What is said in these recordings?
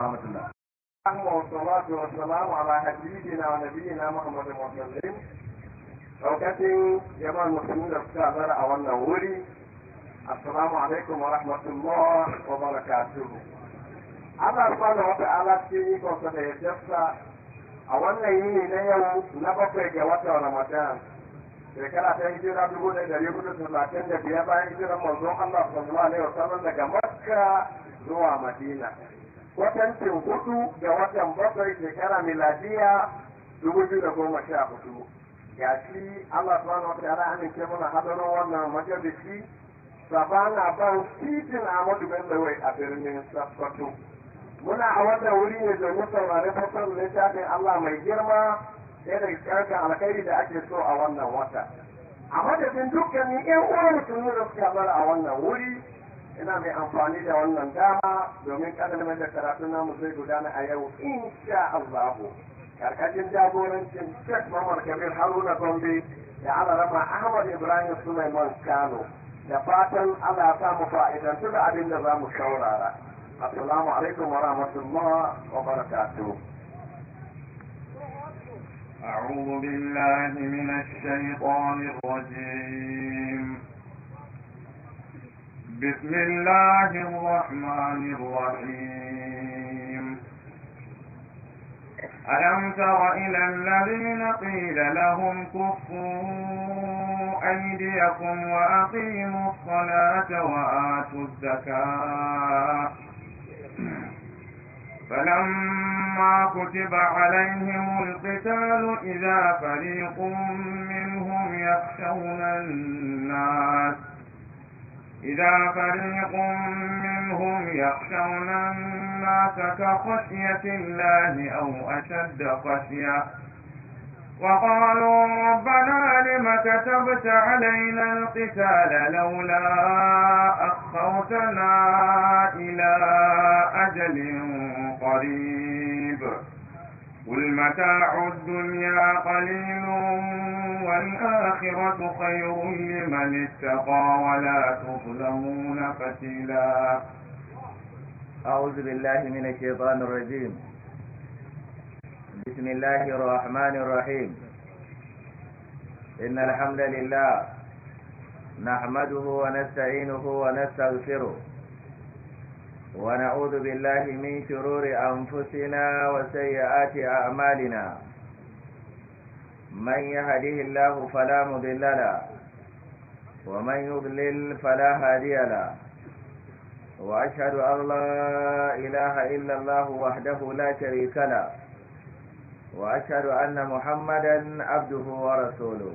ورحمة الله والصلاة والسلام على نبينا ونبينا محمد وسلم lokacin jama'ar musulmi da suka zara a wannan wuri assalamu alaikum wa rahmatullah wa barakatuhu Allah subhanahu wa ta'ala cikin ikonsa da yardarsa a wannan yini na yau na bakwai ga watan ramadan shekara ta hijira dubu da dari hudu talatin da biyar bayan hijiran manzon Allah sallallahu alaihi wa sallam daga makka zuwa madina kwatancin hudu ga watan bakwai shekara miladiya dubu biyu da goma sha hudu ya shi Allah subhanahu wa ta'ala amince mana hadarin wannan majalisi sabana ban titin Ahmadu Bello wai a birnin Sokoto muna a wannan wuri ne domin saurari fasar littafin Allah mai girma ɗaya daga cikin alkhairi da ake so a wannan wata a madadin dukkanin 'yan uwan musulmi da suka bar a wannan wuri ina mai amfani da wannan dama domin kadamar da karatun namu zai gudana a yau in insha Allah karkashin jagorancin Sheikh Muhammad Kabir Haruna Gombe da Alarama Ahmad Ibrahim Sulaiman Kano da fatan Allah ya samu fa'idantu da abin da za mu shaurara. Assalamu alaikum wa rahmatullah wa barakatuh. أعوذ بالله من الشيطان الرجيم بسم الله الرحمن الرحيم ألم تر إلى الذين قيل لهم كفوا أيديكم وأقيموا الصلاة وآتوا الزكاة فلما كتب عليهم القتال إذا فريق منهم يخشون الناس إذا فريق منهم يخشون الناس كخشية الله أو أشد خشية وقالوا ربنا لم كتبت علينا القتال لولا أخرتنا إلى أجل قريب قل متاع الدنيا قليل والآخرة خير لمن اتقى ولا تظلمون فتيلا أعوذ بالله من الشيطان الرجيم بسم الله الرحمن الرحيم إن الحمد لله نحمده ونستعينه ونستغفره ونعوذ بالله من شرور أنفسنا وسيئات أعمالنا من يهديه الله فلا مضل له ومن يضلل فلا هادي له وأشهد أن لا إله إلا الله وحده لا شريك له وأشهد أن محمدا عبده ورسوله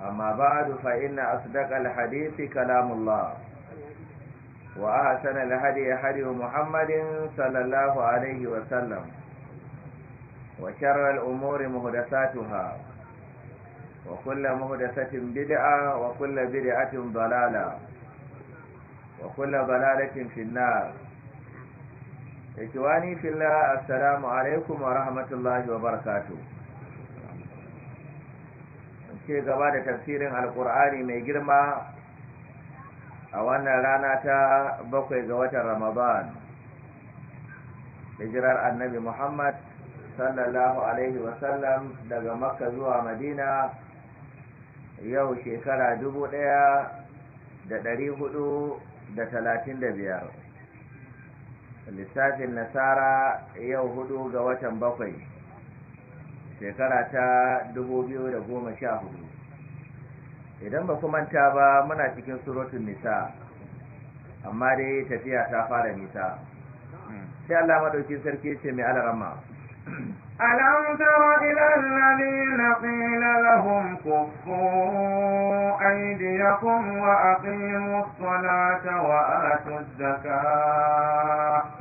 amma ba da fa’ina a su daga alhadisi kalamullah wa a hasan alhadi ya hari wa muhammadin sallallahu alaihi wasallam wa sharar umori muhudasatu ha wa kulla muhudasatin bida wa kulla bidatin balala wa finna ikiwani fila assalamu alaikum wa rahmatullahi wa barakatuh ce gaba da tafsirin alkur'ani mai girma a wannan rana ta bakwai ga watan ramadan hijirar annabi muhammad sallallahu alaihi wasallam daga makka zuwa madina yau shekara dubu ɗaya da ɗari hudu da talatin da biyar lissafin nasara yau hudu ga watan bakwai shekara ta dubu biyu da goma sha hudu. idan ba kuma ta ba muna cikin surutun nisa amma dai tafiya ta fara nisa sai Allah madauki sarki ce mai alarama alam tara ila alladhina qila lahum ya kuma wa aqimus salata wa atuz zakata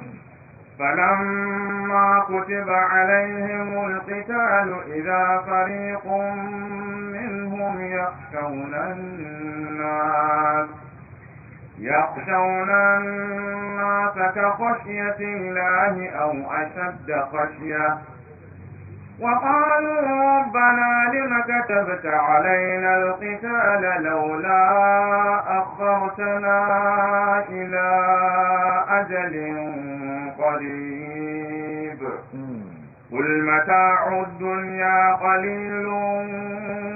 فلما كتب عليهم القتال إذا فريق منهم يخشون الناس يخشون الناس كخشية الله أو أشد خشية وقالوا ربنا لم كتبت علينا القتال لولا أخرتنا إلى أجل قريب قل متاع الدنيا قليل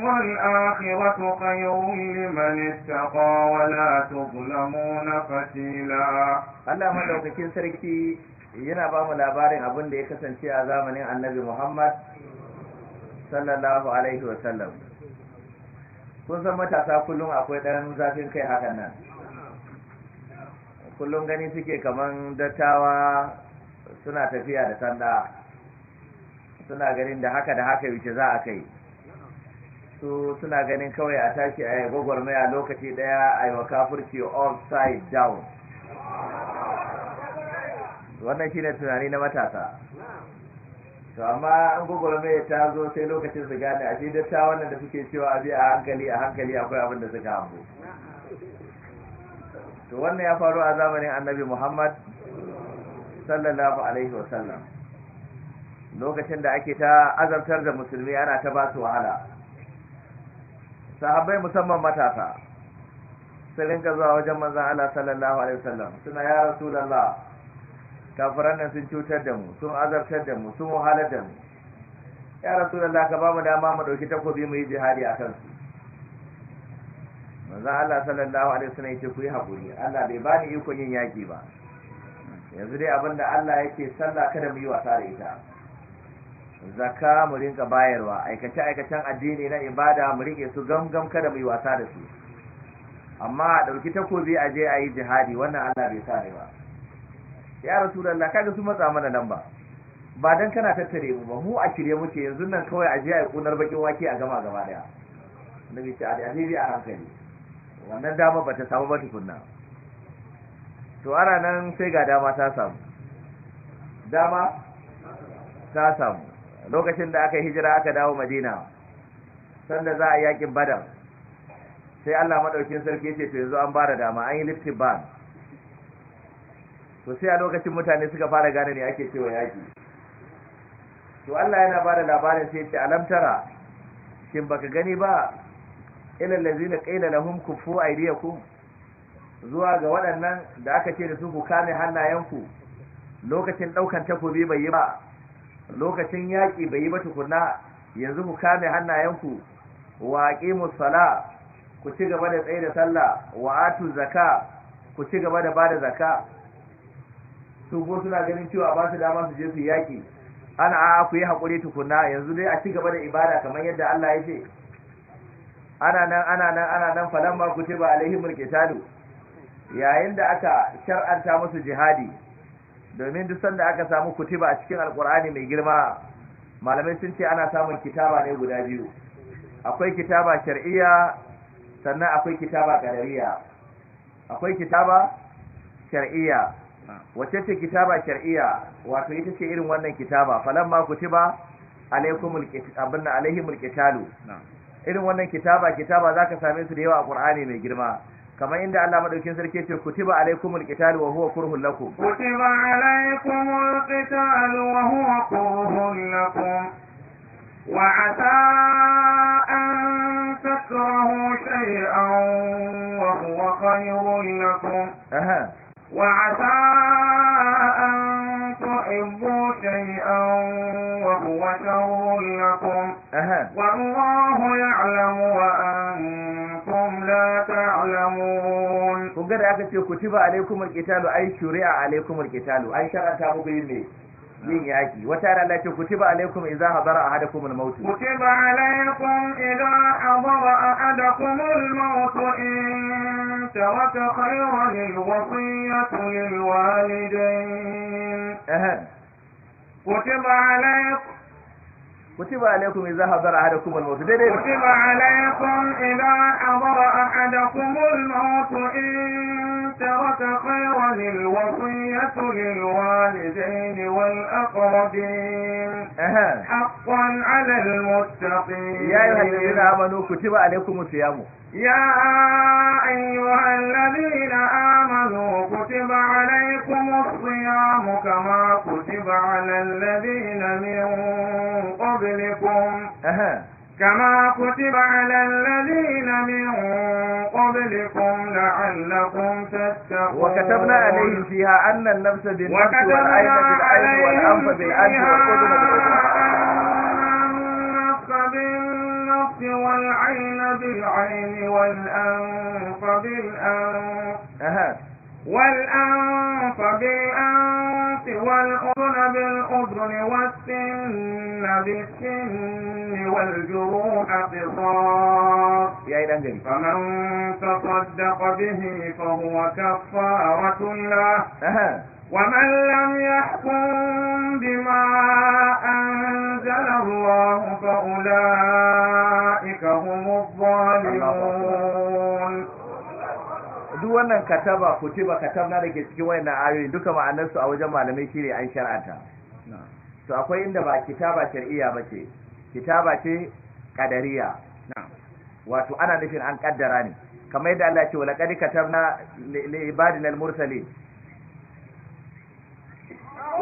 والآخرة خير لمن اتقى ولا تظلمون فتيلا الله ملوكين سركي yana ba mu labarin abin da ya kasance عن نبي محمد صلى الله عليه وسلم kun san matasa kullum akwai ɗan zafin kai hakan nan kullum gani suke kaman dattawa suna tafiya da sanda suna ganin da haka da haka wuce za a kai su suna ganin kawai a tashi a yi gwagwarmaya lokaci daya a yi wa kafurci offside down wannan shine tunani na matasa to amma an gwagwarmaya ta zo sai lokacin su gane a datta wannan da suke cewa biya a hankali a hankali akwai abin da suka hango to wannan ya faru a zamanin annabi muhammad sallallahu alaihi wasallam lokacin da ake ta azabtar da musulmi ana ta ba su wahala sahabbai musamman matasa sun rinka zuwa wajen manzon Allah sallallahu alaihi wasallam suna ya rasulullah kafiran nan sun cutar da mu sun azabtar da mu sun wahalar da mu ya rasulullah ka ba mu dama mu dauki takobi mu yi jihadi a kansu manzon Allah sallallahu alaihi wasallam ya ce ku yi hakuri Allah bai bani iko yin yaki ba yanzu dai abin da Allah yake sallah kada mu yi wasa da ita zaka mu rinka bayarwa aikace aikacen addini na ibada mu rike su gamgam kada mu yi wasa da su amma a ɗauki takobi a je a yi jihadi wannan Allah bai sa ba ya rasulullah kaga su matsa mana nan ba ba dan kana tattare mu ba mu a shirye muke yanzu nan kawai a je a yi kunar bakin wake a gama gaba daya nabi ta a a hankali wannan dama ba ta samu ba tukunna to ana nan sai ga dama ta samu dama ta samu lokacin da aka hijira aka dawo madina sanda za a yakin badar sai Allah maɗaukin sarki ce to yanzu an bara dama an yi lifting ban to sai a lokacin mutane suka fara gane ne ake cewa yaki to Allah yana bada labarin sai ce alamtara shin baka gani ba ilal ladzina qila lahum kufu aydiyakum zuwa ga waɗannan da aka ce da su ku kame hannayenku lokacin ɗaukan takobi bai yi ba lokacin yaƙi bai yi ba tukuna, yanzu ku kame hannayenku wa musala, sala ku ci gaba da tsaye da sallah wa atu zaka ku ci gaba da bada zaka su go suna ganin cewa ba su dama su je su yaƙi ana a ku yi haƙuri tukuna, yanzu dai a ci gaba da ibada kamar yadda Allah ya ce ana nan ana nan ana nan falamma kutiba alaihimul qitalu yayin da aka shar'anta musu jihadi domin duk sanda aka samu kutuba a cikin alkur'ani mai girma malamai sun ce ana samun kitaba ne guda biyu akwai kitaba shar'iyya sannan akwai kitaba qadariyya akwai kitaba shar'iyya wacce ce kitaba shar'iyya wato ita ce irin wannan kitaba falamma kutiba alaikumul abinna alaihimul qitalu irin wannan kitaba kitaba zaka same su da yawa a mai girma kamar inda Allah madaukin sarki ce kutiba alaikumul qitalu wa huwa kurhun lakum kutiba alaikumul qitalu wa huwa kurhun lakum wa asa an takrahu shay'an wa huwa khayrun lakum wa asa an tuhibbu shay'an wa huwa sharrun lakum wallahu ya'lamu wa antum لا تعلمون kun ga da aka ce kutiba alaikum alqitalu ai shuri'a alaikum alqitalu ai shar'anta muku yin ne yin yaki wata rana ce kutiba alaikum idza hadara ahadakum almaut kutiba alaikum idza hadara ahadakum almaut in taraka khayran alwasiyatu lilwalidayn kutiba alaikum كتب عليكم إذا حضر أحدكم الموت كتب عليكم إذا حضر أحدكم الموت إن ترك خيرا الوصية للوالدين والأقربين حقا على المتقين يا أيها الذين آمنوا كتب عليكم الصيام يا أيها الذين آمنوا كتب عليكم الصيام كما كتب على الذين من قبلكم كما كتب على الذين من قبلكم لعلكم تتقون وكتبنا عليهم فيها أن النفس بالنفس والعين بالعين والأنف بالأنف والأذن بالأذن والعين بالعين والأنف بالأنف والأنف بالأنف والأنف الأذن بالأذن والسن بالسن والجروح قصاص فمن تصدق به فهو كفارة له ومن لم يحكم بما أنزل الله فأولئك هم الظالمون duk wannan kataba kutiba katabna da ke cikin wayannan ayoyi duka ma'anarsu a wajen malamai shine an shar'anta to akwai inda ba kitaba shar'iyya bace kitaba ce qadariyya wato ana nufin an kaddara ne kamar yadda Allah ya ce wala qad katabna li ibadina al-mursalin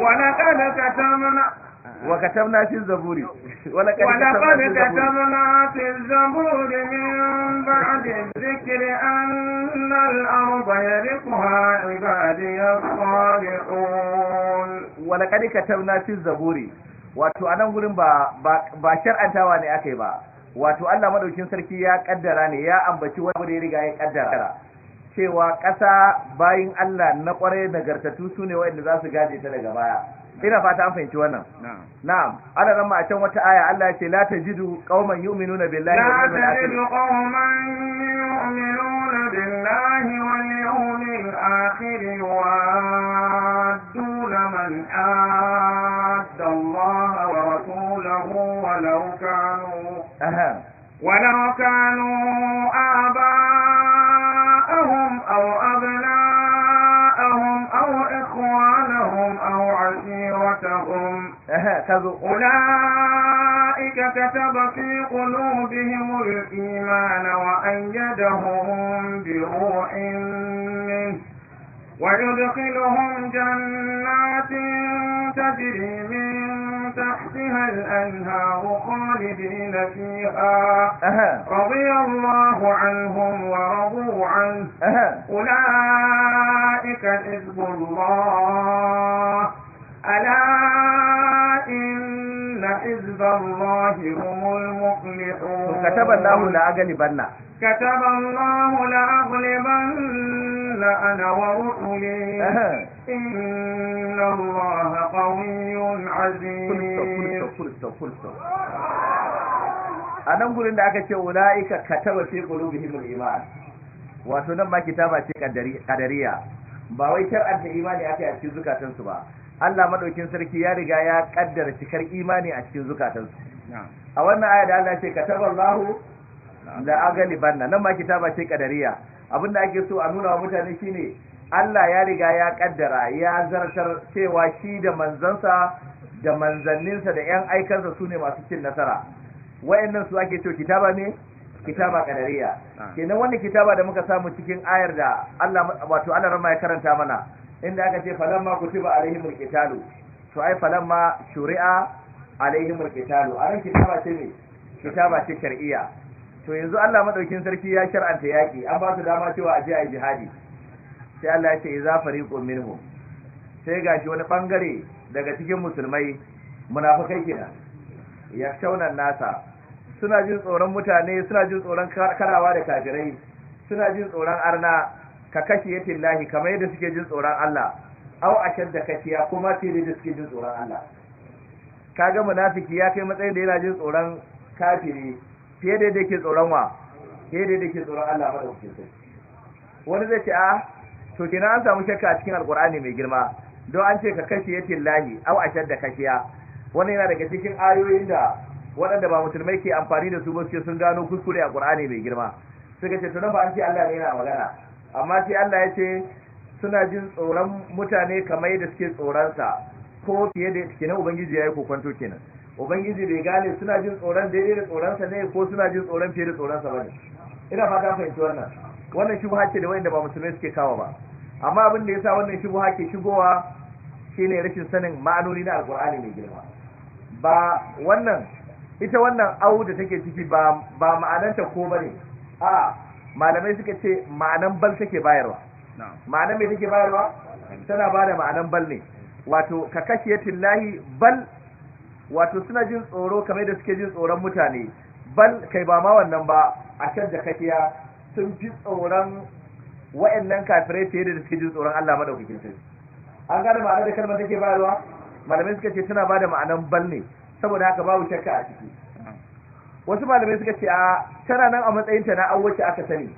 na kana katabna وكتبنا في الزبور ولقد كتبنا في الزبور من بعد الذكر أن الأرض يرثها عبادي الصالحون ولقد كتبنا في الزبور wato a nan gurin ba ba shar'antawa ne aka yi ba wato Allah madaukin sarki ya kaddara ne ya ambaci wani da ya riga ya kaddara cewa ƙasa bayin Allah na kwarai nagartatu su ne waɗanda za su gaje ta daga baya ina fata an fahimci wannan na'am ana nan a can wata aya Allah ya ce la tajidu qauman yu'minuna billahi la tajidu qauman yu'minuna billahi wal yawmil akhir wa duna man adda Allah wa rasulahu wa law kanu ولو كانوا آباءهم أو أبناءهم أبناءهم أولئك كتب في قلوبهم الإيمان وأيدهم بروح منه ويدخلهم جنات تجري من تحتها الأنهار خالدين فيها رضي الله عنهم ورضوا عنه أولئك حزب الله ألا إن حزب الله هم المفلحون كتب الله لأغلبن كتب الله لأغلبن أنا ورسلي إن الله قوي عزيز a nan gurin da aka ce ula'ika kataba fi qulubihim al-iman wato nan ma kitaba ce kadariya ba wai kar an ta imani aka yi a cikin zukatansu ba Allah madaukin sarki ya riga ya kaddara cikar imani a cikin zukatansu a wannan aya da Allah ya ce kataballahu la aghlibanna nan ma kitaba ce kadariya abinda ake so a nuna wa mutane shine Allah ya riga ya kaddara ya zartar cewa shi da manzansa da manzanninsa da yan aikansa su ne masu cin nasara wayannan su ake cewa kitaba ne kitaba kadariya kenan wannan kitaba da muka samu cikin ayar da Allah wato Allah rama ya karanta mana inda aka ce falamma kutuba alaihimul qitalu to ai falamma shuri'a alaihimul qitalu a ran kitaba ce ne kitaba ce shar'iyya to yanzu Allah madaukin sarki ya shar'anta yaki an ba su dama cewa aje ai jihadi sai Allah ya ce iza fariqun minhum sai gashi wani bangare daga cikin musulmai munafikai kenan yakshawna nasa suna jin tsoron mutane suna jin tsoron karawa da kafirai suna jin tsoron arna ka kashiyatin lahi kamar yadda suke jin tsoron Allah au ashad da kashiya kuma sai da suke jin tsoron Allah kaga munafiki ya kai matsayin da yana jin tsoron kafiri fiye da yake tsoron wa fiye da yake tsoron Allah madaukakin sarki wani zai ce a to kina an samu shakka a cikin alkur'ani mai girma don an ce ka kashiyatin lahi au ashad da kashiya wani yana daga cikin ayoyin da waɗanda ba musulmai ke amfani da su ba suke sun gano kuskure a qur'ani mai girma suka ce to nan ba an ce Allah ne yana magana amma sai Allah ya ce suna jin tsoron mutane kamar yadda suke tsoronsa ko fiye da kenan ubangiji ya yi kokonto kenan ubangiji bai gane suna jin tsoron daidai da tsoronsa ne ko suna jin tsoron fiye da tsoronsa ba ne ina fata fahimci wannan wannan shi ce da wanda ba musulmai suke kawo ba amma abin da yasa wannan shi ke shigowa shine rashin sanin ma'anoni na alkur'ani mai girma ba wannan ita wannan awu da take ciki ba ba ma'ananta ko bane A'a. malamai suka ce ma'anan bal take bayarwa ma'anan mai take bayarwa tana ba da ma'anan bal ne wato ka ya tillahi bal wato suna jin tsoro kamar da suke jin tsoron mutane bal kai ba ma wannan ba a can da kafiya sun fi tsoron wa'annan kafirai fiye da suke jin tsoron Allah madaukakin sarki an gane ma'anar da kalmar take bayarwa malamai suka ce tana ba da ma'anan bal ne saboda haka babu shakka a ciki wasu malamai suka ce a tana nan a matsayin ta na an wacce aka sani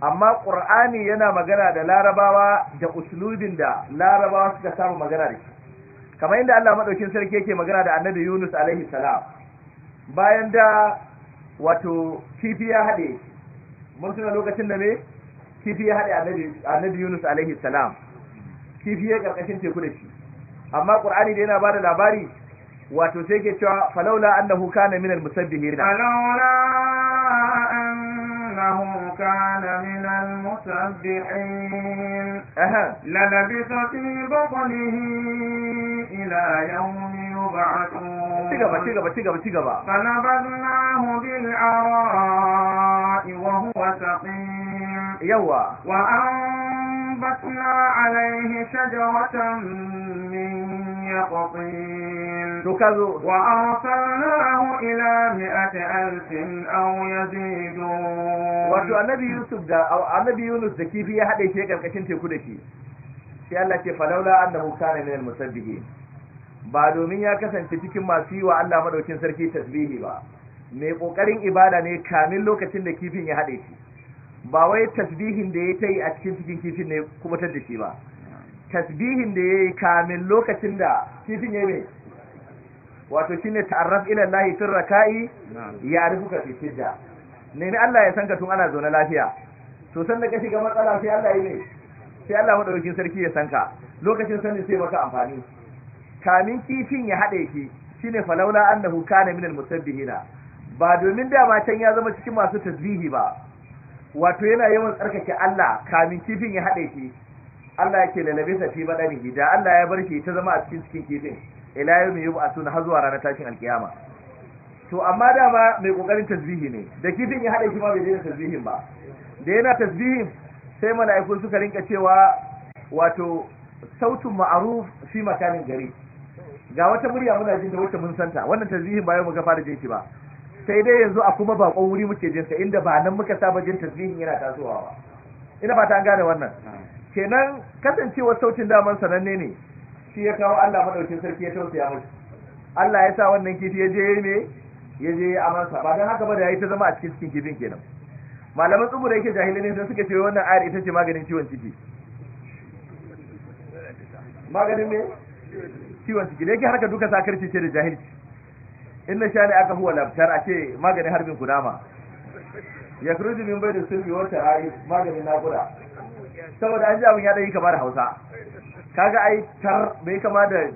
amma qur'ani yana magana da larabawa da uslubin da larabawa suka samu magana da shi kamar inda Allah madaukin sarki yake magana da annabi Yunus alaihi salam bayan da wato kifi ya hade mun tuna lokacin da me kifi ya hade annabi annabi Yunus alaihi salam kifi ya karkashin teku da shi amma qur'ani da yana bada labari wato sai ke cewa falaula annahu kana minal musabbihin falaula annahu kana minal musabbihin aha la labisa fi batnihi ila yawmi yub'athun cigaba cigaba cigaba cigaba fanabadnahu bil ara'i wa huwa saqim yawa wa anbatna alayhi shajaratan min يقطين وأرسلناه إلى مئة ألف أو يزيدون wato annabi Yusuf da Yunus da kifi ya haɗe shi karkashin teku da shi sai Allah ce falaula annahu kana min ba domin ya kasance cikin masu yi wa Allah madaukin sarki tasbihi ba mai kokarin ibada ne kamin lokacin da kifin ya haɗe shi ba wai tasbihin da ya ta yi a cikin cikin kifin ne kuma da shi ba tasbihin da ya yi kamin lokacin da kifin ya mai wato shine ta'arraf ilan lahi tun raka'i ya rufuka fi sijda nemi Allah ya san ka tun ana zaune lafiya to san da kashi matsala sai Allah yi ne sai Allah madaukakin sarki ya san ka lokacin sani sai maka amfani kamin kifin ya shi shi shine falaula annahu kana minal musabbihina ba domin dama can ya zama cikin masu tasbihi ba wato yana yawan tsarkake Allah kamin kifin ya haɗe shi Allah yake da labisa fi badanihi da Allah ya bar ta zama a cikin cikin kifin ila yawmi a har hazuwa ranar tashin alkiyama to amma dama mai kokarin tasbihi ne da kifin ya hada shi ma bai daina tasbihin ba da yana tasbihin sai mala'iku suka rinka cewa wato sautun ma'ruf fi makanin gari ga wata murya muna jin da wacce mun santa wannan tasbihin ba yau muka fara jin shi ba sai dai yanzu a kuma bakon wuri muke jin sa inda ba nan muka saba jin tasbihin yana tasowa ba ina fata an gane wannan kenan kasancewar sautin daman sananne ne shi ya kawo Allah madaukin sarki ya tausaya mushi Allah ya sa wannan kifi ya je ne ya je ya amansa ba don haka ba da yayi ta zama a cikin cikin kifin kenan malaman da yake jahili ne sai suka ce wannan ayar ita ce maganin ciwon ciki maganin me ciwon ciki da yake harka duka sakarci ce da jahilci in na ne aka huwa labtar a ce maganin harbin kunama ya min bai da sulbi wata ayi maganin nakuda saboda an ji abin ya ɗaya kama da hausa kaga ai tar bai kama da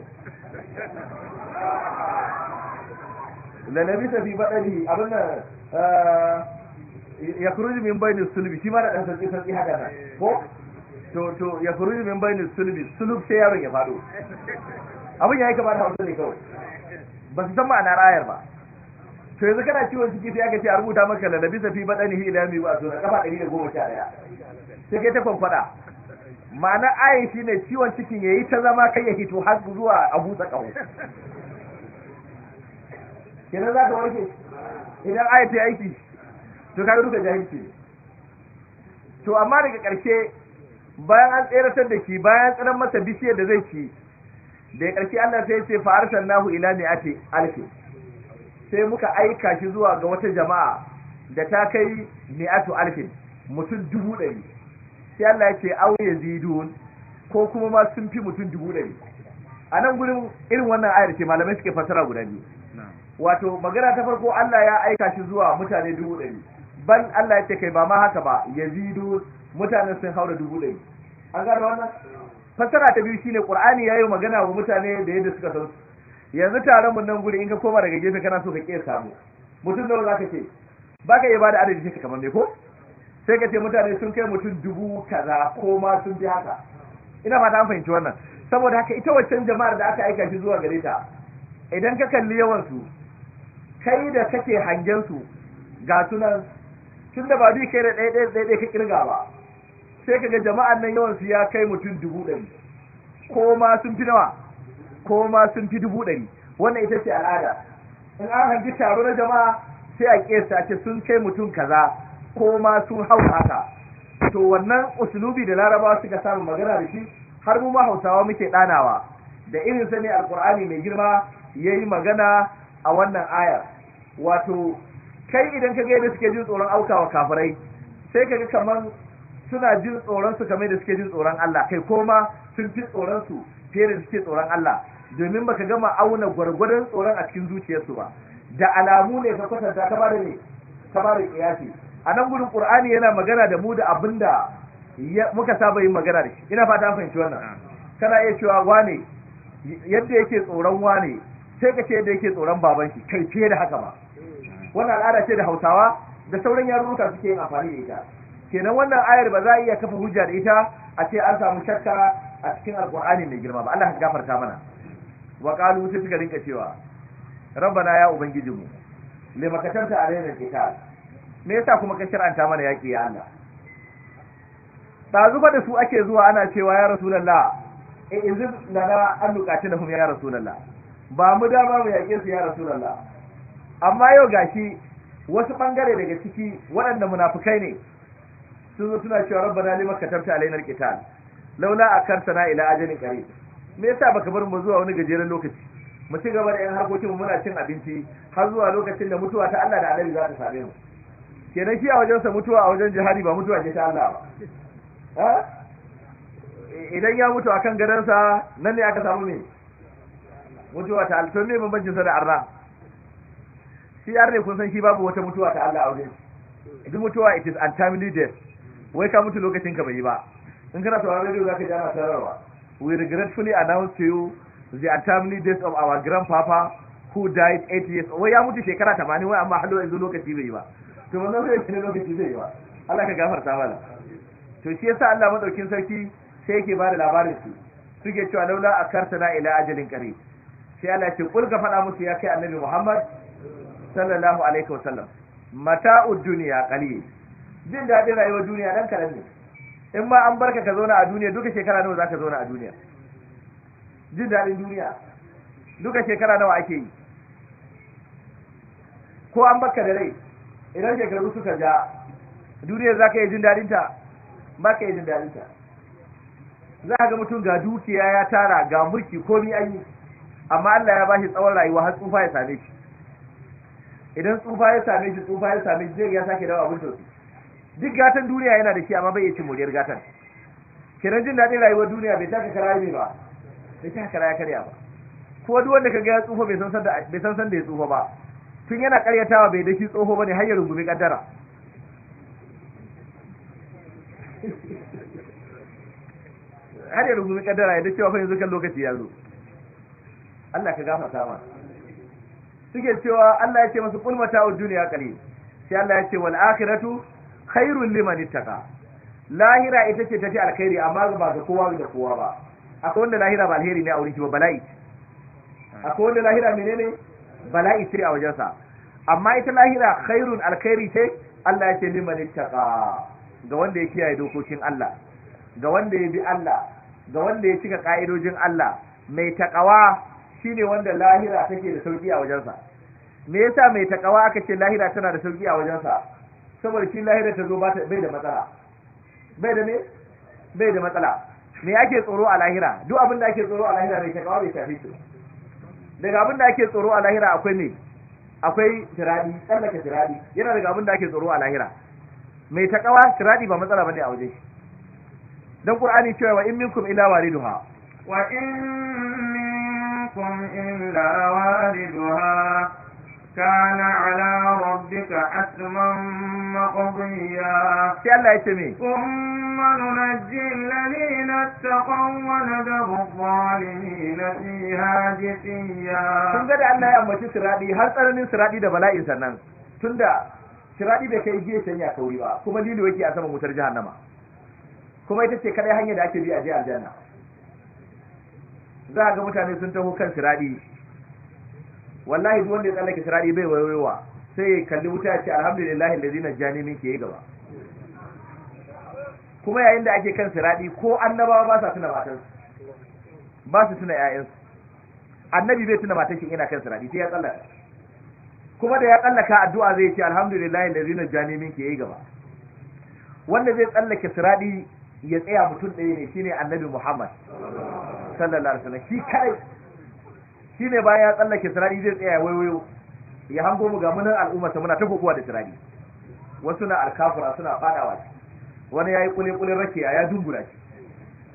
da ta bisa fi baɗari abin da eh, ya kuruji min bai sulubi shi ma da ɗan sarki sarki haka na ko to to ya kuruji min bai sulubi sulub sai yaron ya faɗo abin ya yi kama da hausa ne kawai ba su san ma'anar ayar ba to yanzu kana ciwon ciki sai aka ce a rubuta maka da bisa fi badanihi ila yami ba so da kafa 111 sai kai ta kwankwada ma'ana ayin ne ciwon cikin yayi ta zama kai ya hito har zuwa a busa kawo kenan za ka warke idan ayin ta aiki to ka duka jahilci to amma daga ƙarshe bayan an tseratar da shi bayan tsiran masa bishiyar da zai ci da ya ƙarshe Allah sai ce fa nahu ila ne ake alfi sai muka aika shi zuwa ga wata jama'a da ta kai mi'atu alfin mutum dubu ɗari sai Allah ya ce auye zidun ko kuma ma sun fi mutum dubu ɗari a nan gudun irin wannan ayar ce malamai suke fasara guda biyu wato magana ta farko Allah ya aika shi zuwa mutane dubu ɗari ban Allah ya ce kai ba ma haka ba yazidun mutanen sun haura dubu ɗari an gano wannan fasara ta biyu shine Qur'ani yayi magana wa mutane da yadda suka san yanzu taron mun nan guri in ka koma daga gefe kana so ka kesa mu mutum nawa zaka ce baka iya bada adadin shi kamar me ko sai ka ce mutane sun kai mutum dubu kaza ko ma sun fi haka ina fata an fahimci wannan saboda haka ita waccan jama'ar da aka aika shi zuwa gare ta idan ka kalli yawan su kai da kake hangen su ga sunan tun da ba bi kai da ɗaya ɗaya ɗaya ka kirga ba sai kaga ga jama'an nan yawan su ya kai mutum dubu ɗari ko ma sun fi nawa ko ma sun fi dubu ɗari wannan ita ce al'ada in an hangi taro na jama'a sai a ƙesa ce sun kai mutum kaza ko ma sun hau haka to wannan usulubi da larabawa suka samu magana da shi har mu ma hausawa muke ɗanawa da irin sani ne alƙur'ani mai girma ya yi magana a wannan ayar wato kai idan ka ga yadda suke jin tsoron aukawa kafirai sai ka ga kamar suna jin tsoron su kamar da suke jin tsoron Allah kai koma sun fi tsoron su fiye da suke tsoron Allah domin ba ka gama auna gwargwadon tsoron a cikin zuciyarsu ba da alamu ne ka kwatanta ta bada ne ta bada kiyasi a nan gudun qur'ani yana magana da mu da abinda muka saba yin magana da shi ina fata an fahimci wannan kana iya cewa wane yadda yake tsoron wa ne? sai ka ce yadda yake tsoron baban shi kai fiye da haka ba wannan al'ada ce da Hausawa da sauran yarurruka suke yin amfani da ita kenan wannan ayar ba za a iya kafa hujja da ita a ce an samu shakka a cikin alkur'ani mai girma ba Allah ka gafarta mana wa kalu sai suka rinka cewa rabbana ya ubangijinmu lima katarta alaina alqital me yasa kuma ka shar'anta mana yaki ya Allah dazu zuba da su ake zuwa ana cewa ya rasulullah in eh, na ga an da lahum ya rasulullah ba mu dama mu yake su ya rasulullah amma yau gashi wasu bangare daga ciki waɗanda munafukai ne sun zo suna cewa rabbana lima katarta alaina alqital laula akartana ila ajalin qarib me yasa baka bar mu zuwa wani gajeren lokaci mu ci gaba da yan harkokin mu muna cin abinci har zuwa lokacin da mutuwa ta Allah da Annabi za ta same mu kenan shi a wajen sa mutuwa a wajen jihadi ba mutuwa ce ta Allah ba idan ya mutu akan sa, nan ne aka samu me mutuwa ta Allah to me bambancin sa da arna shi arne kun san shi babu wata mutuwa ta Allah a wajen duk mutuwa it is untimely death wai ka mutu lokacin ka bai yi ba in kana sauraron za zaka ji ana sararwa we regretfully announce to you the untimely death of our grandpapa who died eight years wai ya mutu shekara tamanin wai amma halo yanzu lokaci bai yi ba to wannan lokaci ne lokaci bai yi ba Allah ka gafarta mana to shi yasa Allah madaukin sarki sai yake bada labarin su suke cewa laula na ila ajalin kare sai Allah ce kul ka faɗa musu ya kai annabi Muhammad sallallahu alaihi wasallam mata'ud dunya qalil jin dadin rayuwar duniya dan kadan ne in ma an barka ka zauna a duniya duka shekara nawa zaka zauna a duniya jin daɗin duniya duka shekara nawa ake yi ko an barka da rai idan shekaru suka ja duniya ka yi jin daɗin ta ba ka yi jin daɗin ta za ka ga mutum ga dukiya ya tara ga mulki komai an yi amma Allah ya bashi tsawon rayuwa har tsufa ya same shi idan tsufa ya same shi tsufa ya same shi zai ya sake dawo abin tausayi duk gatan duniya yana da shi amma bai yace cin moriyar gatan kenan jin daɗin rayuwar duniya bai taka kara ne ba bai taka kara ya karya ba ko duk wanda kaga ya tsufa bai san sanda bai san da ya tsufa ba tun yana karyatawa bai dashi tsoho bane har ya rungumi kaddara har ya rungumi kaddara ya da cewa fa yanzu kan lokaci ya zo Allah ka gafarta ma suke cewa Allah ya ce masa kulmata wa duniya qalil sai Allah ya ce wal akhiratu khairul liman ittaqa lahira ita ce tafi alkhairi amma ba ga kowa da kowa ba akwai wanda lahira ba alheri ne a wurin shi ba bala'i akwai wanda lahira menene bala'i sai a wajensa amma ita lahira khairul alkhairi ce Allah ya ce liman ittaqa ga wanda ya kiyaye dokokin Allah ga wanda ya bi Allah ga wanda ya cika ka'idojin Allah mai takawa shine wanda lahira take da sauki a wajensa me yasa mai takawa aka ce lahira tana da sauki a wajensa saboda shi lahira ta zo bai da matsala bai da ne bai da matsala me ake tsoro a lahira duk abin da ake tsoro a lahira ne shakawa bai shafi su daga abin da ake tsoro a lahira akwai ne akwai tiradi tsallaka tiradi yana daga abin da ake tsoro a lahira mai takawa tiradi ba matsala bane a waje dan qur'ani cewa wa in minkum illa waliduha wa in minkum illa waliduha كان على ربك حتما مقضيا ثم ننجي الذين اتقوا ونذر الظالمين فيها جثيا kun ga da Allah ya ambaci siradi har tsananin siradi da bala'in sannan tunda siradi da kai giye a kauri ba kuma lilo yake a sama wutar jahannama kuma ita ce kaɗai hanyar da ake bi a je aljanna za a ga mutane sun taho kan siradi wallahi duk wanda ya tsallake sirari bai wayewa sai ya kalli wuta ya ce alhamdulillah zina najjani ke yi gaba kuma yayin da ake kan siradi ko annabawa ba sa tuna matansu ba su tuna ƴaƴansu annabi bai tuna matan shi yana kan siradi sai ya tsallaka kuma da ya tsallaka addu'a zai ce alhamdulillah zina najjani ke yi gaba wanda zai tsallake siradi ya tsaya mutum ɗaya ne shine annabi Muhammad sallallahu alaihi wasallam shi kai shine bayan ya tsallake sirari zai tsaya waiwayo ya hango mu ga munin al'umma ta muna ta kokowa da sirari wasu na alkafura suna fadawa wani yayi kule kule rake, ya dungura shi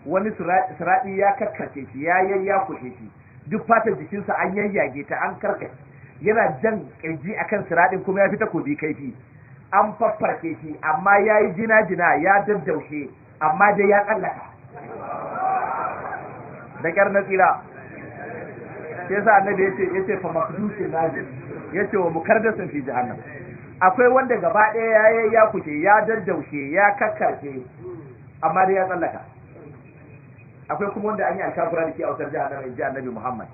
wani sirari ya karkace shi ya yayya kushe shi duk fatar jikinsa an yayyage ta an karkace yana jan kirji akan siradin kuma ya fita kobi kaifi an faffarke shi amma yayi yi jina-jina ya daddaushe amma dai ya tsallaka da na tsira sai yasa annabi yace yace fa makdusin nazir yace wa mukardasin fi jahannam akwai wanda gaba ɗaya ya yi ya kuce ya daddaushe ya kakkarfe amma dai ya tsallaka akwai kuma wanda an yi alkafura da ke autar jahannam in ji annabi muhammad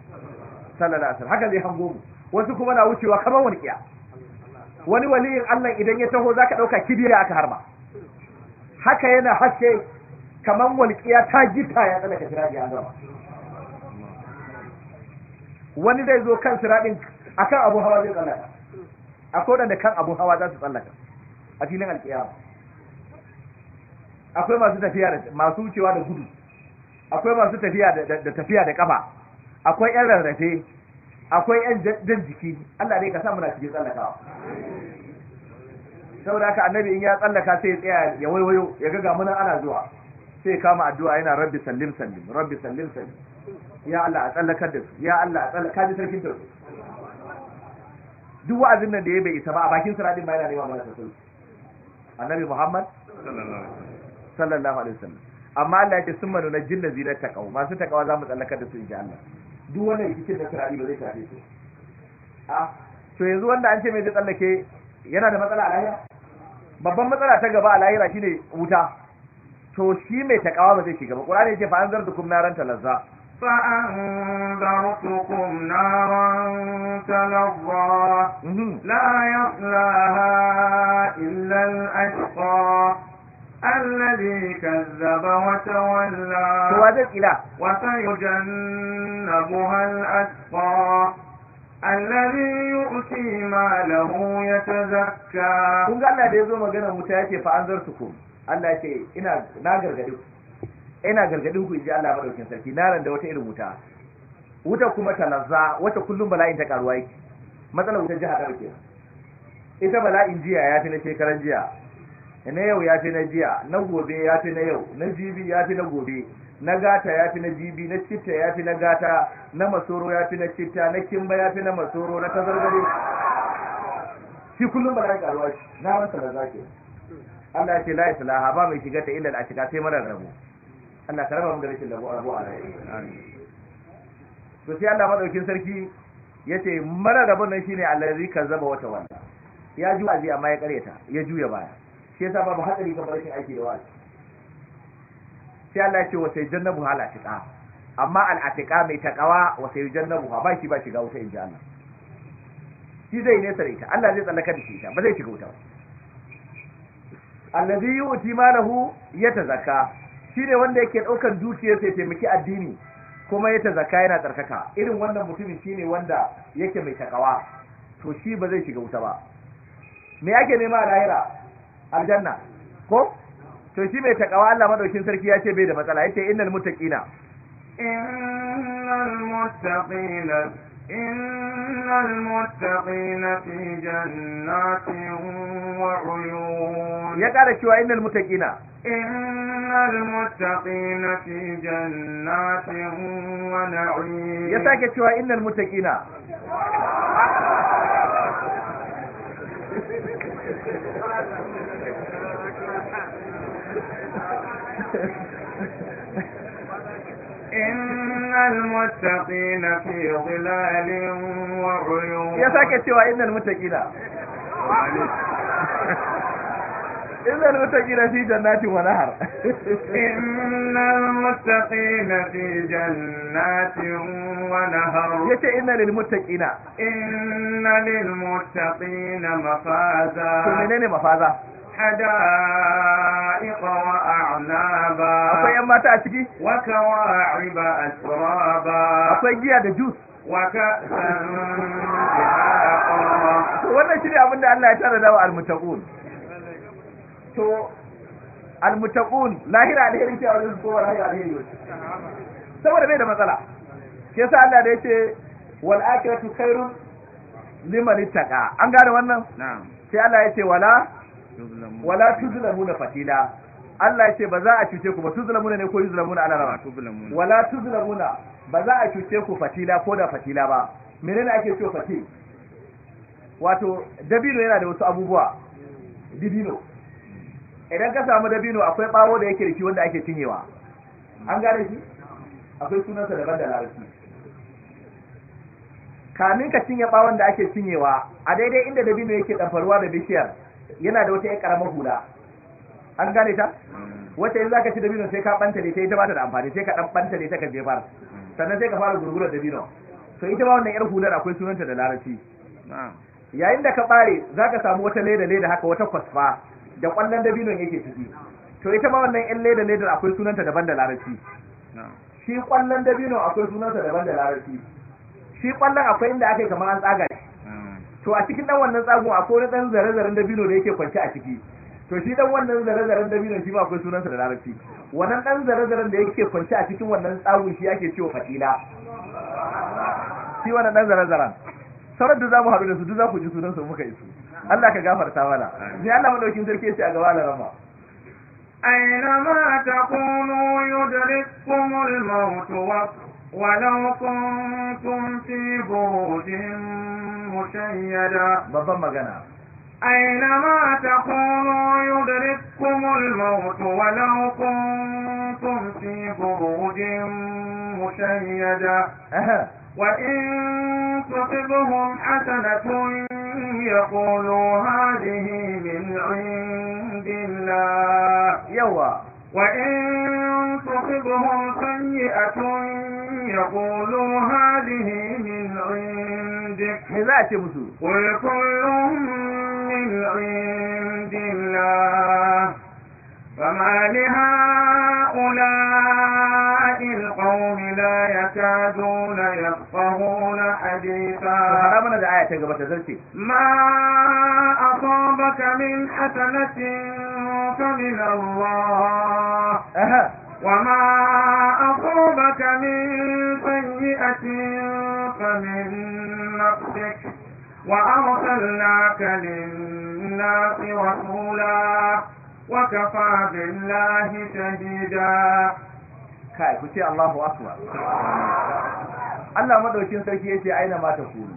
sallallahu alaihi wasallam haka zai hango mu wasu kuma na wucewa kamar kiya. wani waliyin allah idan ya taho zaka ɗauka kibiya aka harba haka yana haske kamar walƙiya ta gita ya tsallaka kira ya wani zai zo kan siraɗin kan abu hawa zai tsallaka A kodan wadanda kan abu hawa za su tsallaka a filin alkiyama akwai masu tafiya da masu wucewa da gudu akwai masu tafiya da tafiya da kafa akwai yan rarrafe akwai yan jan jiki Allah dai ka sa muna cikin tsallakawa saboda haka annabi in ya tsallaka sai ya tsaya ya waiwayo ya ga ga muna ana zuwa sai kama addu'a yana rabbi sallim sallim rabbi sallim sallim ya Allah a tsallakar da su ya Allah a tsallakar da sarkin da su duk wa'azin nan da ya bai isa ba a bakin siradin ba yana nema mana sun annabi Muhammad sallallahu alaihi wasallam amma Allah ya sun manuna na jin da zinar takawa masu takawa za mu tsallakar da su inji Allah duk wannan rikicin na sirari ba zai tafi su a ah, to yanzu wanda an ce mai zai tsallake yana da matsala a lahira babban matsala ta gaba a lahira shine wuta to shi mai takawa ba zai shiga ba qur'ani ne ce fa an zartukum naran talazza فأنذرتكم نارا تلظى لا يصلاها إلا الأشقى الذي كذب وتولى وسيجنبها الأشقى الذي يؤتي ما له يتزكى kun قال Allah da yazo magana wuta yake fa إنا ناقر غريب ina gargadin ku inji Allah madaukin sarki naran da wata irin wuta wuta kuma talazza wata kullum bala'in ta karuwa yake matsalar wutar jiha ɗauke ita bala'in jiya ya fi na shekaran jiya na yau ya fi na jiya na gobe ya fi na yau na jibi ya fi na gobe na gata ya fi na jibi na citta ya fi na gata na masoro ya fi na citta na kimba ya fi na masoro na tazargare shi kullum bala'in karuwa shi na ransa da ke. Allah ya ce la ilaha ba mai shiga ta illa a shiga sai marar rabo Allah ta raba mu da rashin labo abu a rai to sai Allah madaukin sarki yace mara rabon nan shine allazi kazzaba wata wanda ya juya wazi amma ya kareta ya juya baya shi yasa babu hatsari ga rashin aiki da wazi sai Allah ya ce wa sayyidannabu hala tiqa amma al-atiqa mai takawa wa sayyidannabu ba shi ba shiga wuta inji Allah shi zai nesa da ita Allah zai tsallaka da shi ita ba zai shiga wuta ba allazi yu'ti malahu yatazakka Shi ne wanda yake ɗaukan dukiyar sai taimaki addini kuma ya ta yana tsarkaka irin wannan mutumin shi ne wanda yake mai takawa to shi ba zai shiga wuta ba me yake nema a lahira aljanna ko to shi mai takawa Allah madaukin sarki ya ce bai da matsala yace innal muttaqina innal muttaqina إن المتقين في جنات وعيون يا شو إن المتقين إن المتقين في جنات ونعيم يا شو إن المتقين إن المتقين في ظلال وعيون يا ساكت سوى إن المتقين إن المتقين في جنات ونهر إن المتقين في جنات ونهر يتي إن للمتقين إن للمتقين مفازا كل منين مفازا حدائق وأعنابا وكواعب أترابا To wannan shi ne abin da Allah ya tara da almutaqun to almutaqun lahira alheri ce a wajen kowa lahira alheri saboda bai da matsala Ke sa Allah da yace wal akhiratu khairun liman ittaqa an gane wannan na'am sai Allah ya ce wala wala tuzlamuna fatila Allah ya ce ba za a cuce ku ba ne ko yuzlamuna ala rama wala tuzlamuna ba za a cuce ku fatila ko da fatila ba menene ake cewa fatil wato dabino yana da wasu abubuwa dabino idan ka samu dabino akwai bawo da yake da wanda ake cinyewa an gane shi akwai sunansa daban da larabci kamin ka cinye bawon da ake cinyewa a daidai inda dabino yake damfaruwa da bishiyar yana da wata ƴan karamar hula an gane ta wata in zaka ci dabino sai ka banta ta ita ba ta da amfani sai ka dan banta ta ka jefar sannan sai ka fara gurgurar dabino to ita ba wannan yar hular akwai sunanta da larabci yayin da ka bare zaka samu wata leda leda haka wata kwasfa da kwallon dabinon yake ciki to ita ma wannan yan leda leda akwai sunanta daban da larabci shi kwallon dabino akwai sunanta daban da larabci shi kwallon akwai inda ake kamar an tsaga shi to a cikin dan wannan tsagun akwai wani dan zare-zaren dabino da yake kwance a ciki to shi dan wannan zare-zaren dabino, shi ma akwai sunansa da larabci wannan dan zare-zaren da yake kwance a cikin wannan tsagun shi ake cewa fatila shi wannan dan zare-zaren sauran da zamu haɗu da su duk za ku ji sunansa muka yi su Allah ka gafarta mana ni Allah madaukin sarki sai a gaba da alarama أينما تكونوا يدرككم الموت ولو كنتم في بروج مشيدا أينما تكونوا يدرككم الموت ولو كنتم في بروج مشيدة وإن تصبهم حسنة يقولوا هذه من عند الله يوا وإن تصبهم سيئة يقولوا هذه من عند kai za a ce musu qul kullum min indillah fama li هؤلاء القوم لا يكادون يفقهون حديثا ما أصابك من حسنة فمن الله وما أصابك من سيئة من نفسك وأرسلناك للناس رسولا وكفى بالله شهيدا kai ku ce Allahu akbar Allah madaukin sarki yace aina ma ta kuru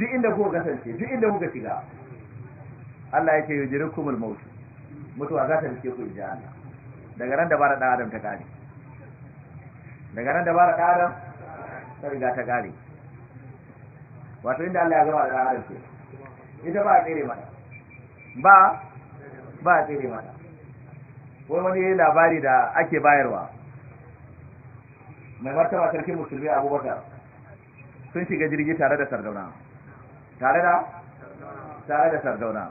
duk inda kuka kasance duk inda kuka shiga Allah yake yujrikumul maut mutuwa za ta rike ku inji Allah daga nan da bara da Adam ta kare daga nan da bara da Adam ta riga ta gare wato inda Allah ya zama da adam ce ita ba a tsere mata ba ba a tsere mata wani wani labari da ake bayarwa mai martaba sarkin musulmi abubakar sun shiga jirgi tare da sardauna tare da tare da sardauna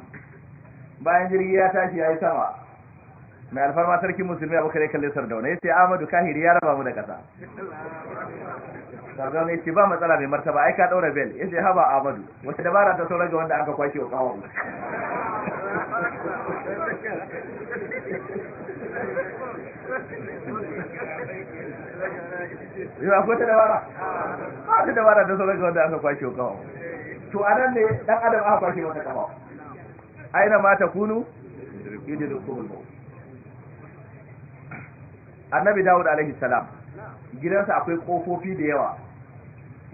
bayan jirgi ya tashi ya yi sama mai alfarma sarkin musulmi abu kare kalle sardauna ya ce amadu kahir ya raba mu da kasa sardauna ya ce ba matsala mai martaba aika ka daura bel ya ce haba amadu wata dabara ta sauran ga wanda aka kwashe wa kawo yau akwai ta dabara ba ta dabara ta sauran ga wanda aka kwashe wa kawo to a nan ne dan adam aka kwashe wa kawo aina mata kunu idil kumul annabi dawud alaihi salam gidansa akwai kofofi da yawa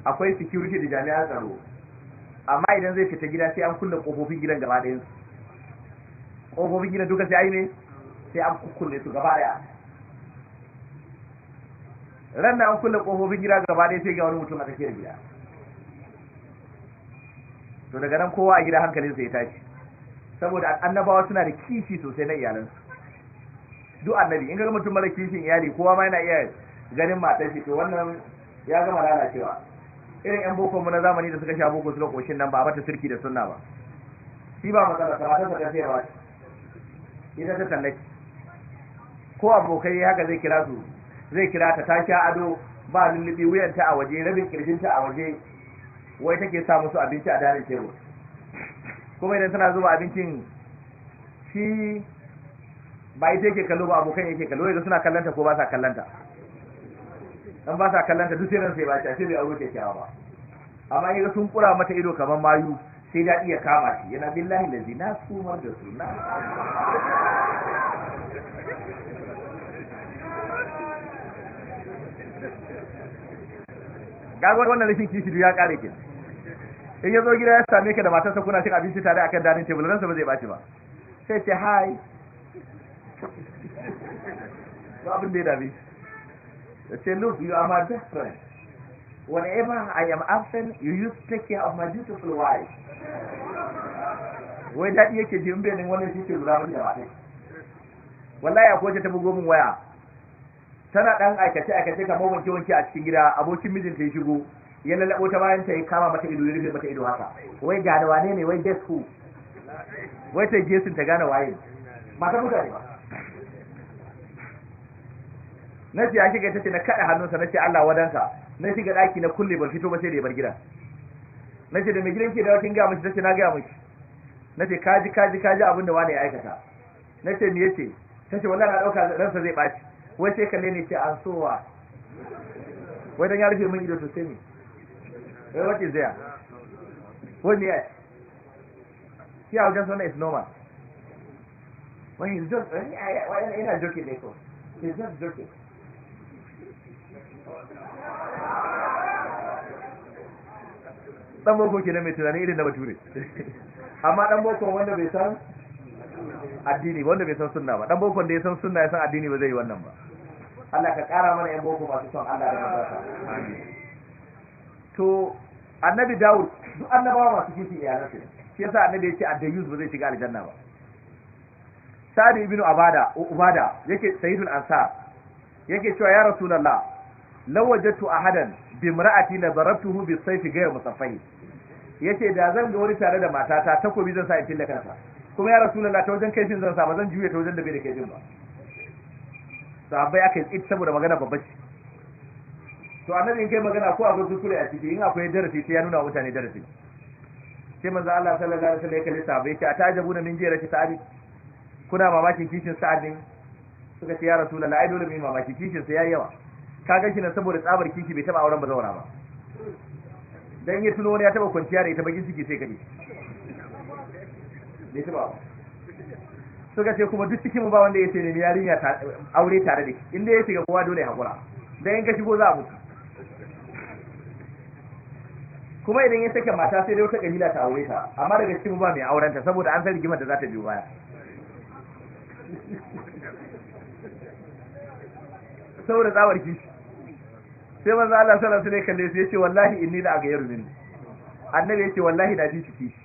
akwai security da jami'an tsaro amma idan zai fita gida sai an kulle kofofin gidan gaba ɗayan su kofofin gidan duka sai aine ne sai an kulle su gaba ɗaya ran da an kulle kofofin gida gaba ɗaya sai ga wani mutum a tsakiyar gida to daga nan kowa a gida hankalinsa ya tashi saboda annabawa suna da kishi sosai na iyalansu duk annabi in ga mutum mara kishin iyali kowa ma yana iya ganin matar shi to wannan ya gama lalacewa irin yan boko mu na zamani da suka sha boko suka koshin nan ba bata sirki da sunna ba shi ba matsala karatun sa tafiya ba ita ta tallace ko abokai haka zai kira su zai kira ta ta sha ado ba lullubi wuyanta a waje rabin kirjinta a waje wai take sa musu abinci a dalin tebur kuma idan tana zuba abincin shi ba ita yake kallo ba abokan yake kallo yanzu suna kallanta ko ba sa kallanta dan ba sa kallanta duk sai ran sai ba ta sai bai aure kyakkyawa ba amma yaga sun kura mata ido kamar mayu sai da iya kama shi yana billahi lazi na sumar da suna gagwar wannan rashin kishi ya kare ki in ya zo gida ya same ka da matarsa kuna cin abinci tare akan dining table ransa ba zai baci ba sai ce hi to abin da ya dame shi ya ce look you are my best friend whenever I am absent you use take care of my beautiful wife wai daɗi yake jin benin wani shi ke lura mun da matai wallahi akwai ta bugo min waya tana ɗan aikace aikace kamar wanke wanke a cikin gida abokin mijinta ya shigo ya lalabo ta bayan ta yi kama mata ido ya rufe mata ido haka wai gane wane ne wai guess who wai ta gesin ta gane waye mata mutane ba na ce ya kika tace na kada hannunsa na ce Allah wadanka na shiga daki na kulle ban fito ba sai da ya bar gidan na ce da mai gidan ke da kin ga mishi tace na ga mishi na ce kaji kaji kaji abinda wani ya aikata na ce me yace tace wallahi na dauka ransa zai baci wai sai kalle ne ce an sowa wai dan ya rufe min ido to sai wai wace zai wai ne ya shi a wajen sauna is normal when he's just when he, I, I, I, I, I, I, I, dan boko kenan mai tunani irin na bature amma dan boko wanda bai san addini wanda bai san sunna ba dan boko da ya san sunna ya san addini ba zai yi wannan ba Allah ka kara mana yan boko masu son Allah da manzansa to annabi Dawud duk annabawa masu kishi iyalan su shi yasa annabi yace addayus ba zai shiga aljanna ba Sa'id ibn Abada Ubada yake Sayyidul Ansar yake cewa ya Rasulullah law wajadtu ahadan bi imra'ati la darabtuhu bi sayfi ghayr Ya yace da zan ga wani tare da matata takobi zan sa in fille kansa kuma ya rasulullah ta wajen shin zan sa ba zan juye ta wajen da bai da din ba sahabbai aka yi saboda magana babba ce to annabi in kai magana ko akwai kuskure a ciki in akwai darasi sai ya nuna mutane darasi sai manzo Allah sallallahu alaihi wasallam ya kalli sahabbai ce na min ki sa'id kuna mamakin kishin sa'adin suka ce ya rasulullah ai dole mu mamaki kishin sa yayi yawa ka shi nan saboda tsabar kishi bai taba auren bazawara ba dan yi tuno wani ya taba kwanciya da ita bakin ciki sai kaje ne taba ga sai kuma duk cikin ba wanda ya ne yarinya aure tare da shi inda ya shiga kowa dole ya hakura dan in ka shigo za a mutu kuma idan ya sake mata sai dai wata kabila ta aure ta amma daga cikin ba mai aurenta saboda an san rigimar da za ta biyo baya saboda tsabar kishi sai manzo Allah sallallahu alaihi wasallam kalle sai yace wallahi inni la aghayru minni annabi yace wallahi da ji kishi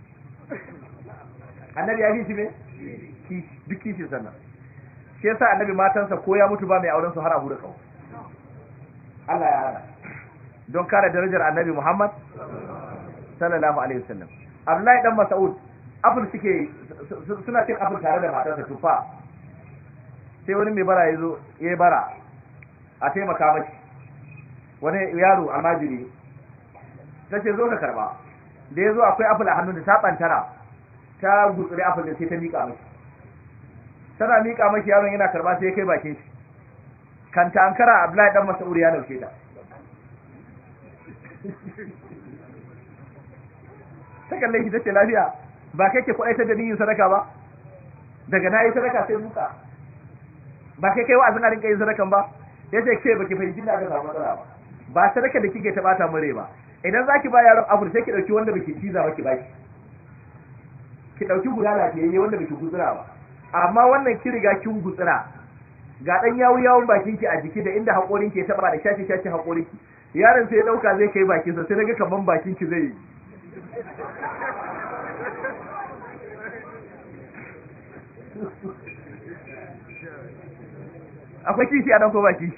annabi ya ji shi me ki duki kishi sannan sai yasa annabi matansa ko ya mutu ba mai auren su har abu da kawo Allah ya hana don kare darajar annabi Muhammad sallallahu alaihi wasallam Abdullahi dan Mas'ud afur suke suna cin afur tare da matarsa tufa sai wani mai bara ya zo ya bara a taimaka mashi wani yaro almajiri ta ce zo ka karba da ya zo akwai apple a hannun da ta bantara ta gutsuri apple da sai ta miƙa mashi tana miƙa mashi yaron yana karba sai ya kai bakin shi kan ta kara abdullahi dan mas'ud ya dauke ta ta kalle shi tace lafiya ba kai ke kwaita da niyin sadaka ba daga na yi sadaka sai muka ba kai kai wa'azin a rinka yin sadakan ba ce ke baki fahimci na ga matsala ba ba sadaka da kike ta bata mure ba idan zaki ba yaron afur sai ki dauki wanda biki ciza baki ki baki ki dauki guda yayi wanda biki guzura ba amma wannan ki riga kin guzura ga dan yawu yawun bakin ki a jiki da inda hakorin ki ya taba da shashi shashi hakorin ki yaron sai ya dauka zai kai bakin sa sai naga kaman bakin ki zai akwai kishi a dan ko ba shi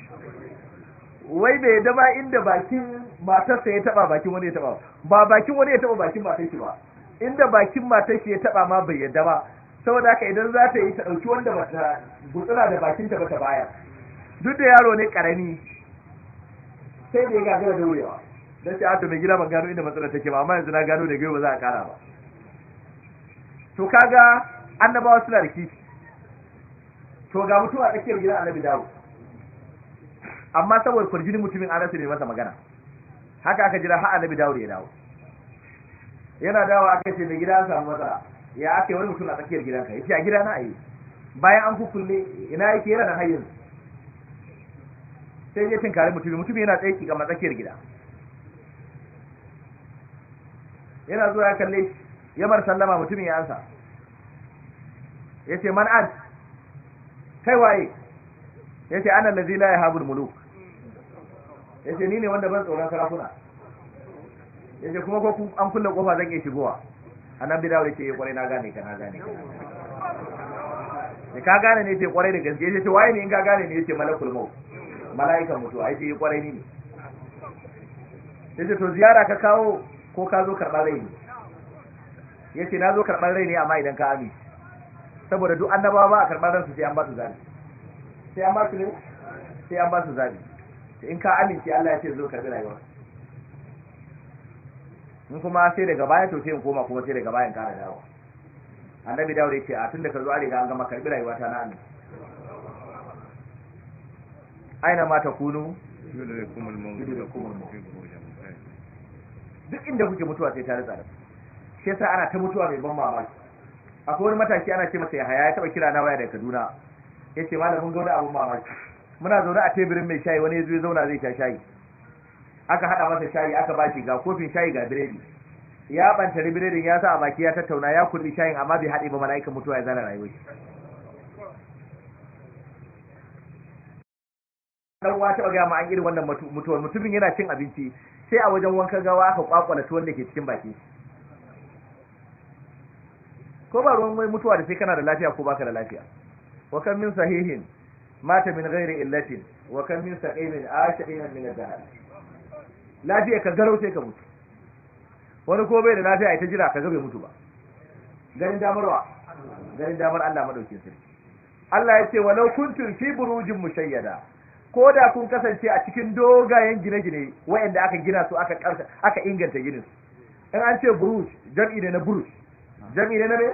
wai bai yadda ba inda bakin matarsa ya taba bakin wani ya taba ba bakin wani ya taba bakin matar shi ba inda bakin matar shi ya taba ma bai yadda ba saboda haka idan za ta yi ta dauki wanda ba ta gutsura da bakin ta ba ta baya duk da yaro ne karami sai da ya gagara da wuyawa dan sai ato ah, mai gida ban gano inda matsalar take ba amma yanzu na gano da gaba za a kara ba to kaga annabawa suna da kishi to ga mutuwa tsakiyar gidan annabi dawo amma saboda kwarjini mutumin Anas ne masa magana haka aka jira har dawo dawo ya dawo yana dawo aka ce mai gida an samu matsala ya aka wani mutum a tsakiyar gidanka ce a gida na ayi bayan an kukulle ina yake yana da hayin sai ya kare mutumin, mutumin yana tsaye ki ga tsakiyar gida yana zuwa ya kalle ya bar sallama mutumin ya ansa yace man an kai waye Ya ce ana ya la da muluk ya ce ni ne wanda ban tsoron sarakuna ya ce kuma ko an kulle kofa zan iya shigowa annabi dawo ya ce ya eh, kwarai na gane ka na gane ka ka gane ne ce kwarai da gaske ya ce waye ne in ka gane ne ya ce malakul mau mala'ikan mutuwa ya ce ya eh, kwarai ni ne ya ce to ziyara ka kawo ko ka zo karɓar rai ne ya ce na zo karɓar rai ne amma idan ka ami saboda duk annabawa ba a karɓar ransu sai an ba su zabi sai an ba su ne sai an ba su zabi in ka amince Allah ya ce zo karbi rayuwa in kuma sai daga baya to sai in koma kuma sai daga baya in kara dawo annabi dawo yace a tunda ka zo a riga an gama karbi rayuwa ta na aina ma ta kunu? duk inda kuke mutuwa sai ta ritsa da shi yasa ana ta mutuwa mai ban mamaki akwai wani matashi ana ce masa ya haya ya taba kira na waya daga Kaduna yace malamin gauda abun mamaki muna zaune a teburin mai shayi wani ya zauna zai sha shayi aka haɗa masa shayi aka baki ga kofin shayi ga biredi ya bantari biredin ya sa a baki ya tattauna ya kurbi shayin amma bai haɗe ba mala'ikan mutuwa ya zara rayuwa. dan uwa taɓa gaya ma an irin wannan mutuwar mutumin yana cin abinci sai a wajen wanka gawa aka kwakwala tuwon da ke cikin baki ko ba ruwan mai mutuwa da sai kana da lafiya ko baka da lafiya wa kan min sahihin mata min ghairi illatin wa kam min saqimin ashirin min al-dahar lafiya ka garau sai ka mutu wani ko bai da lafiya ai ta jira ka ga bai mutu ba garin damarwa garin damar Allah madaukin sirri Allah ya ce walau kuntum fi burujin mushayyada ko da kun kasance a cikin dogayen gine-gine waɗanda aka gina su aka karsa aka inganta ginin in an ce buruj jam'i ne na buruj jam'i ne na me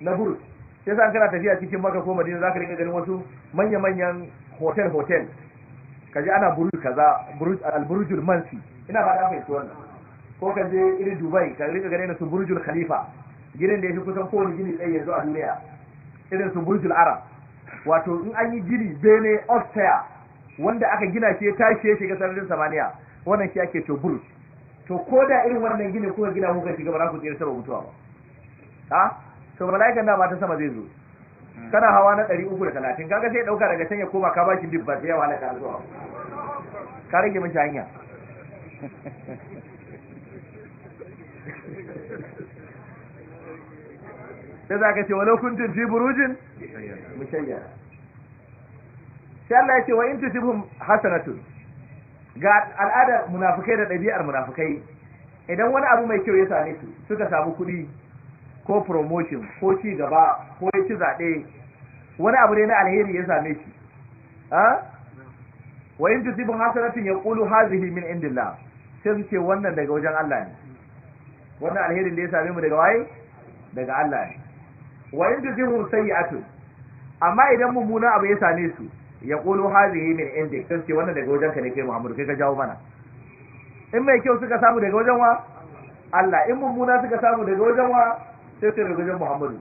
na buruj sai sa kana tafiya cikin maka ko madina zaka rinka ganin wasu manya-manyan hotel hotel kaji ana buruj kaza buruj al mansi ina ba ka kai to wannan ko ka je irin dubai ka rinka ganin su burujul khalifa ginin da fi kusan kowane gini tsaye yanzu a duniya irin su burjul arab wato in an yi gini bene austria wanda aka gina shi ya tashi ya shiga sararin samaniya wannan shi ake to buruj to ko da irin wannan gini kuka gina kuka shiga ba za ku tsira saboda mutuwa ba ha to mala'ikan da ta sama zai zo kana hawa na 330 kaga sai dauka daga can ya koma ka bashi dibba sai ya wala ka zuwa ka rage mishi hanya sai za ka ce wa kuntum fi burujin mushayya sai Allah ya ce wa in tusibhum hasanatun ga al'ada munafikai da ɗabi'ar munafikai idan wani abu mai kyau ya same su suka samu kuɗi ko promotion ko ci gaba ko ya ci zaɗe wani abu ne na alheri ya same shi wa in zibin hasanatin ya qulu hazihi min indillah sai su ce wannan daga wajen Allah ne wannan alherin da ya same mu daga waye daga Allah ne wa in tusibun sayyi'atu amma idan mummuna abu ya same su ya qulu hazihi min indila sai su ce wannan daga wajen ka ne kai Muhammadu kai ka jawo mana in mai kyau suka samu daga wajen wa Allah in mummuna suka samu daga wajen wa sai suka gargajin muhammadu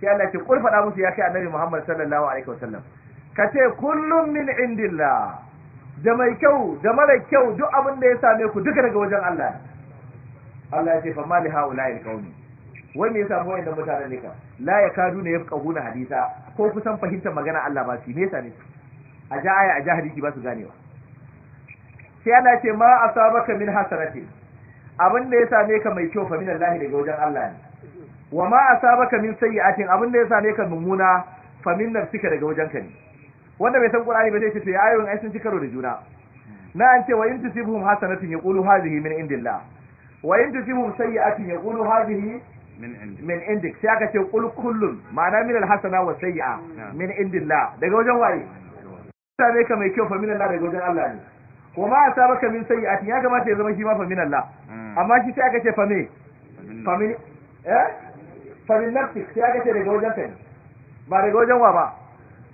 sai Allah ce kul faɗa musu ya kai annabi muhammad sallallahu alaihi wasallam ka ce kullum min indillah da mai kyau da mara kyau duk abin da ya same ku duka daga wajen Allah Allah ya ce fa mali haula'il qaumi wai me yasa mu da mutanen ne ka la yakadu ne yafqahuna hadisa ko kusan fahimtar magana Allah ba su me yasa ne a ja aya a ja hadisi ba su ganewa sai Allah ce ma asabaka min hasanatin abin da ya same ka mai kyau fa min Allah daga wajen Allah ne wa ma asabaka min sayyi'atin abinda ya same ka mummuna fa min nafsika daga ka ne wanda bai san qur'ani ba zai ce ya ayyun ai sun ci karo da juna na an ce wa in tusibhum hasanatin yaqulu hadhihi min indillah wa in tusibhum sayyi'atin yaqulu hadhihi min indik min sai aka ce qul kullun ma'ana min alhasana wa sayyi'a min indillah daga wajen waye same ka mai kyau fa min Allah daga wajen Allah ne wa ma asabaka min sayyi'atin ya kamata ya zama shi ma fa min Allah hmm. amma shi sai aka ce fa me fa min eh fa min nafsik sai aka ce daga wajen kai ba daga wajen wa ba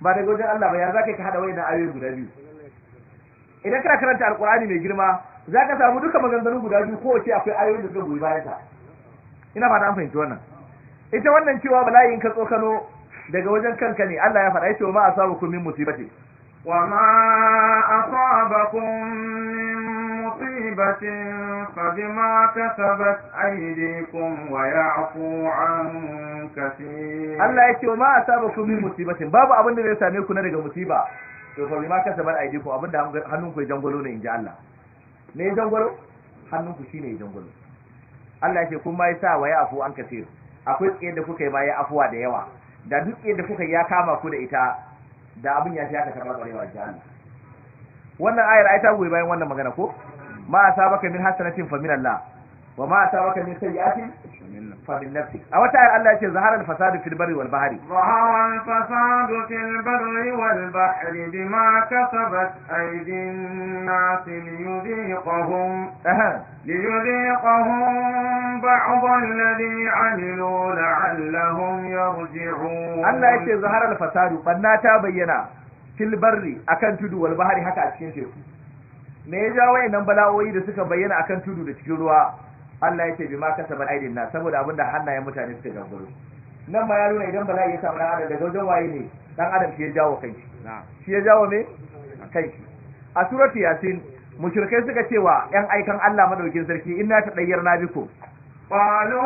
ba daga wajen Allah ba ya zaka ka hada wayannan ayoyi guda biyu idan kana karanta alqur'ani mai girma zaka samu duka maganganu guda biyu ko wace akwai ayoyin da suka goyi bayan ta ina fata an fahimci wannan ita wannan cewa bala'in ka tsokano daga wajen kanka ne Allah ya faɗa yace wa ma asabakum min musibati wa ma asabakum min مصيبة فبما كسبت أيديكم ويعفو عن كثير الله يكي ما أصابكم من مصيبة بابا أبن دي ساميكم نرغ مصيبة فبما كسبت أيديكم أبن دي هنونكم يجنبلون إن جاء الله ne ya jangwalo hannunku shi ne Allah yake kuma ya sa waya afu an kasir akwai tsaye da kuka yi baya afuwa da yawa da duk tsaye da kuka yi ya kama ku da ita da abin ya fi aka taɓa ƙwarewa jami'a wannan ayar ai ta goyi bayan wannan magana ko ma asabaka min hasanatin fa min Allah wa ma asabaka min sayyi'atin fa min nafsik a wata ayar Allah yace zahara al-fasad fil barri wal bahri zahara al-fasad fil barri wal bahri bima kasabat aydin nas liyudhiqahum liyudhiqahum ba'd alladhi 'amilu la'allahum yarji'un Allah yace zahara al-fasad banna ta bayyana fil barri akan tudu wal bahri haka a cikin teku me ya jawo wayannan bala'o'i da suka bayyana akan tudu da cikin ruwa Allah yake ma kasaba aidin na saboda abinda hannayen mutane suka gangaro nan ma ya nuna idan bala'i ya samu adam daga wajen waye ne dan adam shi ya jawo kai shi ya jawo me kai a suratu yasin mushrikai suka cewa yan aikan Allah madaukin sarki inna ta dayyar na biku qalu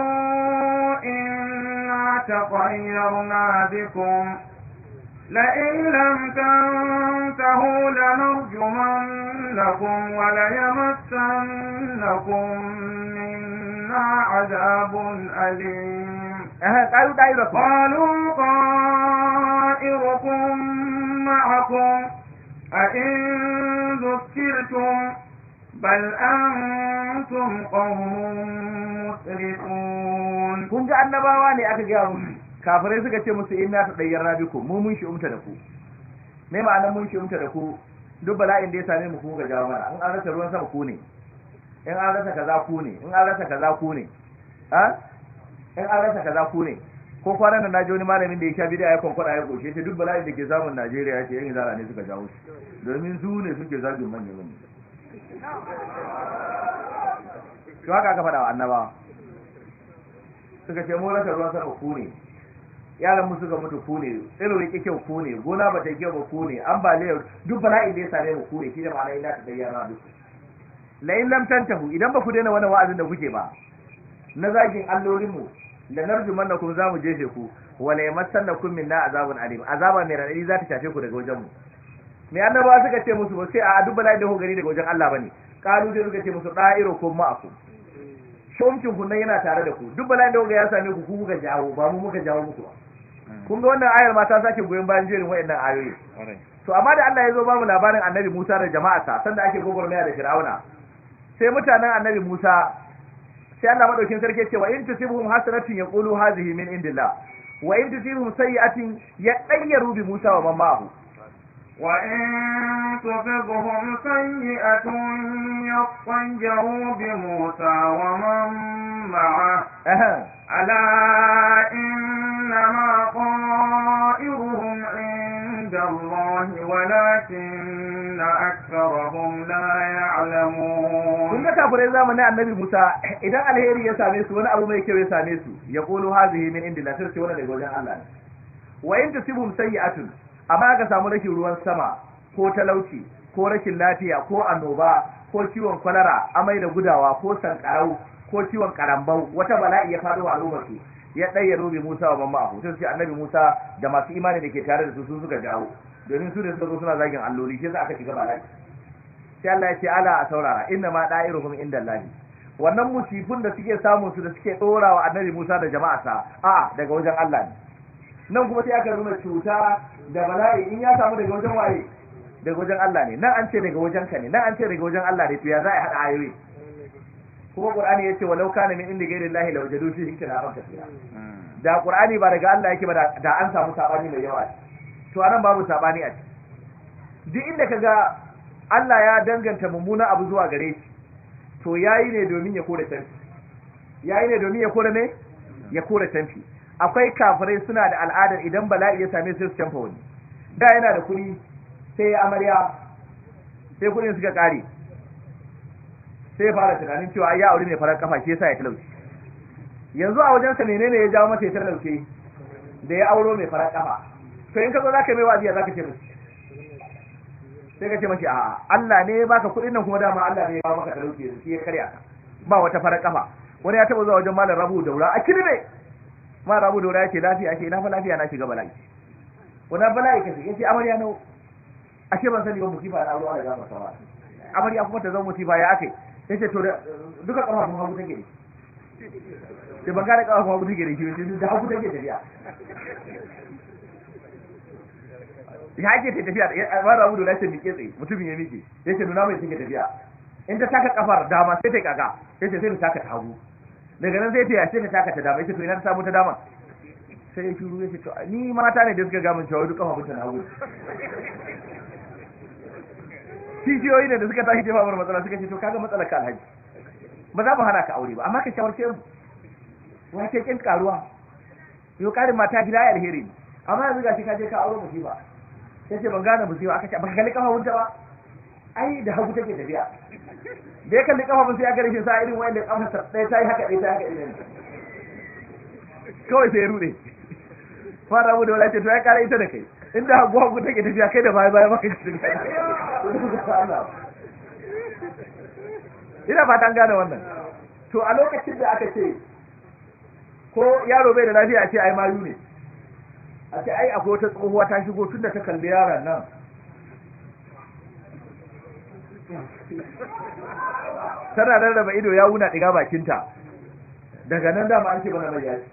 inna taqayyarna bikum لئن لم تنتهوا لنرجمنكم وليمسنكم منا عذاب أليم قالوا قالوا طائركم معكم أئن ذكرتم بل أنتم قوم مسرفون كنت أنبا واني أكجارهم kafirai suka ce musu inna ta rabi rabiku mu mun shi umta da ku me ma'ana mun shi umta da ku duk bala'in da ya same mu kuma ga jawo mana in an rasa ruwan sama ku ne in an rasa kaza ku ne in an rasa kaza ku ne ha ah? in an rasa kaza ku ne ko kwanan nan naji wani malamin da ya sha bidiyo ya kwankwada ya goshe ta duk bala'in da ke zamun Najeriya ya ce yan izara ne suka jawo shi domin su ne suke zagin manyan manyan to haka aka faɗa wa annabawa suka ce mu rasa ruwan sama ku ne yaran mu suka mutu kone, ne tsiro kyau kone, gona ba ta kyau ba an ba ambaliyar duk bala'i da ya same mu kone, shi da ma'ana ina ta bayyana duk la in lam idan ba ku daina wannan wa'azin da kuke ba na zagin allolin mu da na za mu jefe ku wala yamassannakum minna azabun alim azaba mai radadi za ta shafe ku daga wajen mu me annabawa suka ce musu ba sai a duk bala'i da ku gani daga wajen Allah bane kalu sai suka ce musu da'iro ko ma'akum shomkin kun yana tare da ku duk bala'in da ku ya same ku ku muka jawo ba mu muka jawo muku ba kun ga wannan ayar ma ta sake goyon bayan jerin wayannan ayoyi to amma da Allah ya zo ba mu labarin Annabi Musa da jama'arsa sanda ake gogormaya da Fir'auna sai mutanen Annabi Musa sai Allah madaukin sarki ce wa in tusibhum hasanatin yaqulu hadhihi min indillah wa in tusibhum sayi'atin yadayyaru bi Musa wa man ma'ahu wa in tusibhum sayi'atun yaqanjaru bi Musa wa man ma'ahu ala in إنما طائرهم عند الله ولكن أكثرهم لا يعلمون kun ga kafirai zamanin annabi Musa idan alheri ya same su wani abu mai kyau ya same su ya kulu hazihi min indi la tarsi wala daga wajen Allah ne wa in tusibum sayyi'atun amma ka samu rashin ruwan sama ko talauci ko rashin lafiya ko annoba ko ciwon kwalara amai da gudawa ko sanƙarau ko ciwon ƙarambau, wata bala'i ya faɗo a al'ummar ya ɗaya rubi Musa wa mamma abu sai annabi Musa da masu imani da ke tare da su sun suka dawo domin su da suka zo suna zagin alloli sai aka shiga bala'i sai Allah ya ce ala a saurara inna ma da'iruhum inda Allah wannan musifun da suke samu su da suke dora annabi Musa da jama'a sa a'a daga wajen Allah ne nan kuma sai aka rubuta cuta da bala'i in ya samu daga wajen waye daga wajen Allah ne nan an ce daga wajen ka ne nan an ce daga wajen Allah ne to ya za a haɗa ayoyi kuma qur'ani yace walau kana min inda ghairi llahi lawajadu fihi ikhtilafan kathira hmm. da qur'ani ba daga Allah yake ba da an samu sabani mai yawa to anan babu sabani a ciki duk inda kaga Allah ya danganta mummuna abu zuwa gare shi to yayi ne domin ya kore tanfi yayi ne domin ya kore ne ya kore tanfi akwai kafirai suna da al'ada idan bala'i ya same su su canfa wani da yana da kuɗi sai amarya sai kuɗin suka kare sai ya fara tunanin cewa ya aure mai farar kafa shi yasa ya talauci yanzu a wajensa menene ya jawo masa ya talauce da ya auro mai farar kafa to in ka zo zaka mai waziya zaka ce mashi sai ka ce mashi a Allah ne ya baka kuɗin nan kuma dama Allah ne ya ba maka talauci shi ya karya ka ba wata farar kafa wani ya taba zuwa wajen malam rabu daura a kirme ma rabu daura yake lafiya ake na fa lafiya na shiga bala'i wani bala'i ka ce ce amarya nawa ashe ban sani ba mu kifa na aure ana gama sawa amarya kuma ta zama musifa ya akai yace to da duka kafafun hagu take da da ban gane kafafun hagu take da shi sai da hagu take tafiya ya ake ta tafiya ba rabu da lashin mike tsaye mutumin ya mike yace nuna mai take tafiya in ta taka kafar dama sai ta kaga ce sai ta taka ta hagu daga nan sai ta yace ta taka ta dama ya ce to ina ta samu ta dama sai ya shuru ya ce to ni mata ne da suka ga mun cewa duka hagu ta hagu cijiyoyi ne da suka tashi jefa mana matsala suka ce to kaga matsalar ka alhaji ba za mu hana ka aure ba amma ka shawarce mu wace kin karuwa yo karin mata gida ya alheri ne amma yanzu shi ka je ka aure musiba sai ce ban gane musiba aka ce ba kalli kafafun ta ba ai da hagu take tafiya da ya kalli kafa sai ya gare shi sa irin wanda kafa ɗaya ta yi haka ɗaya ta yi haka irin kawai sai ya rude fara mu da wala ce to ya kare ita da kai inda abuwa ku take tafiya kai da baya baya baka ji ina fatan gane wannan to a lokacin da aka ce ko yaro bai da lafiya a ce ai mayu ne a ce ai akwai wata tsohuwa ta shigo tun da ta kalli yaron nan tana rarraba ido ya wuna ɗiga bakinta daga nan dama an ce bana mai yaki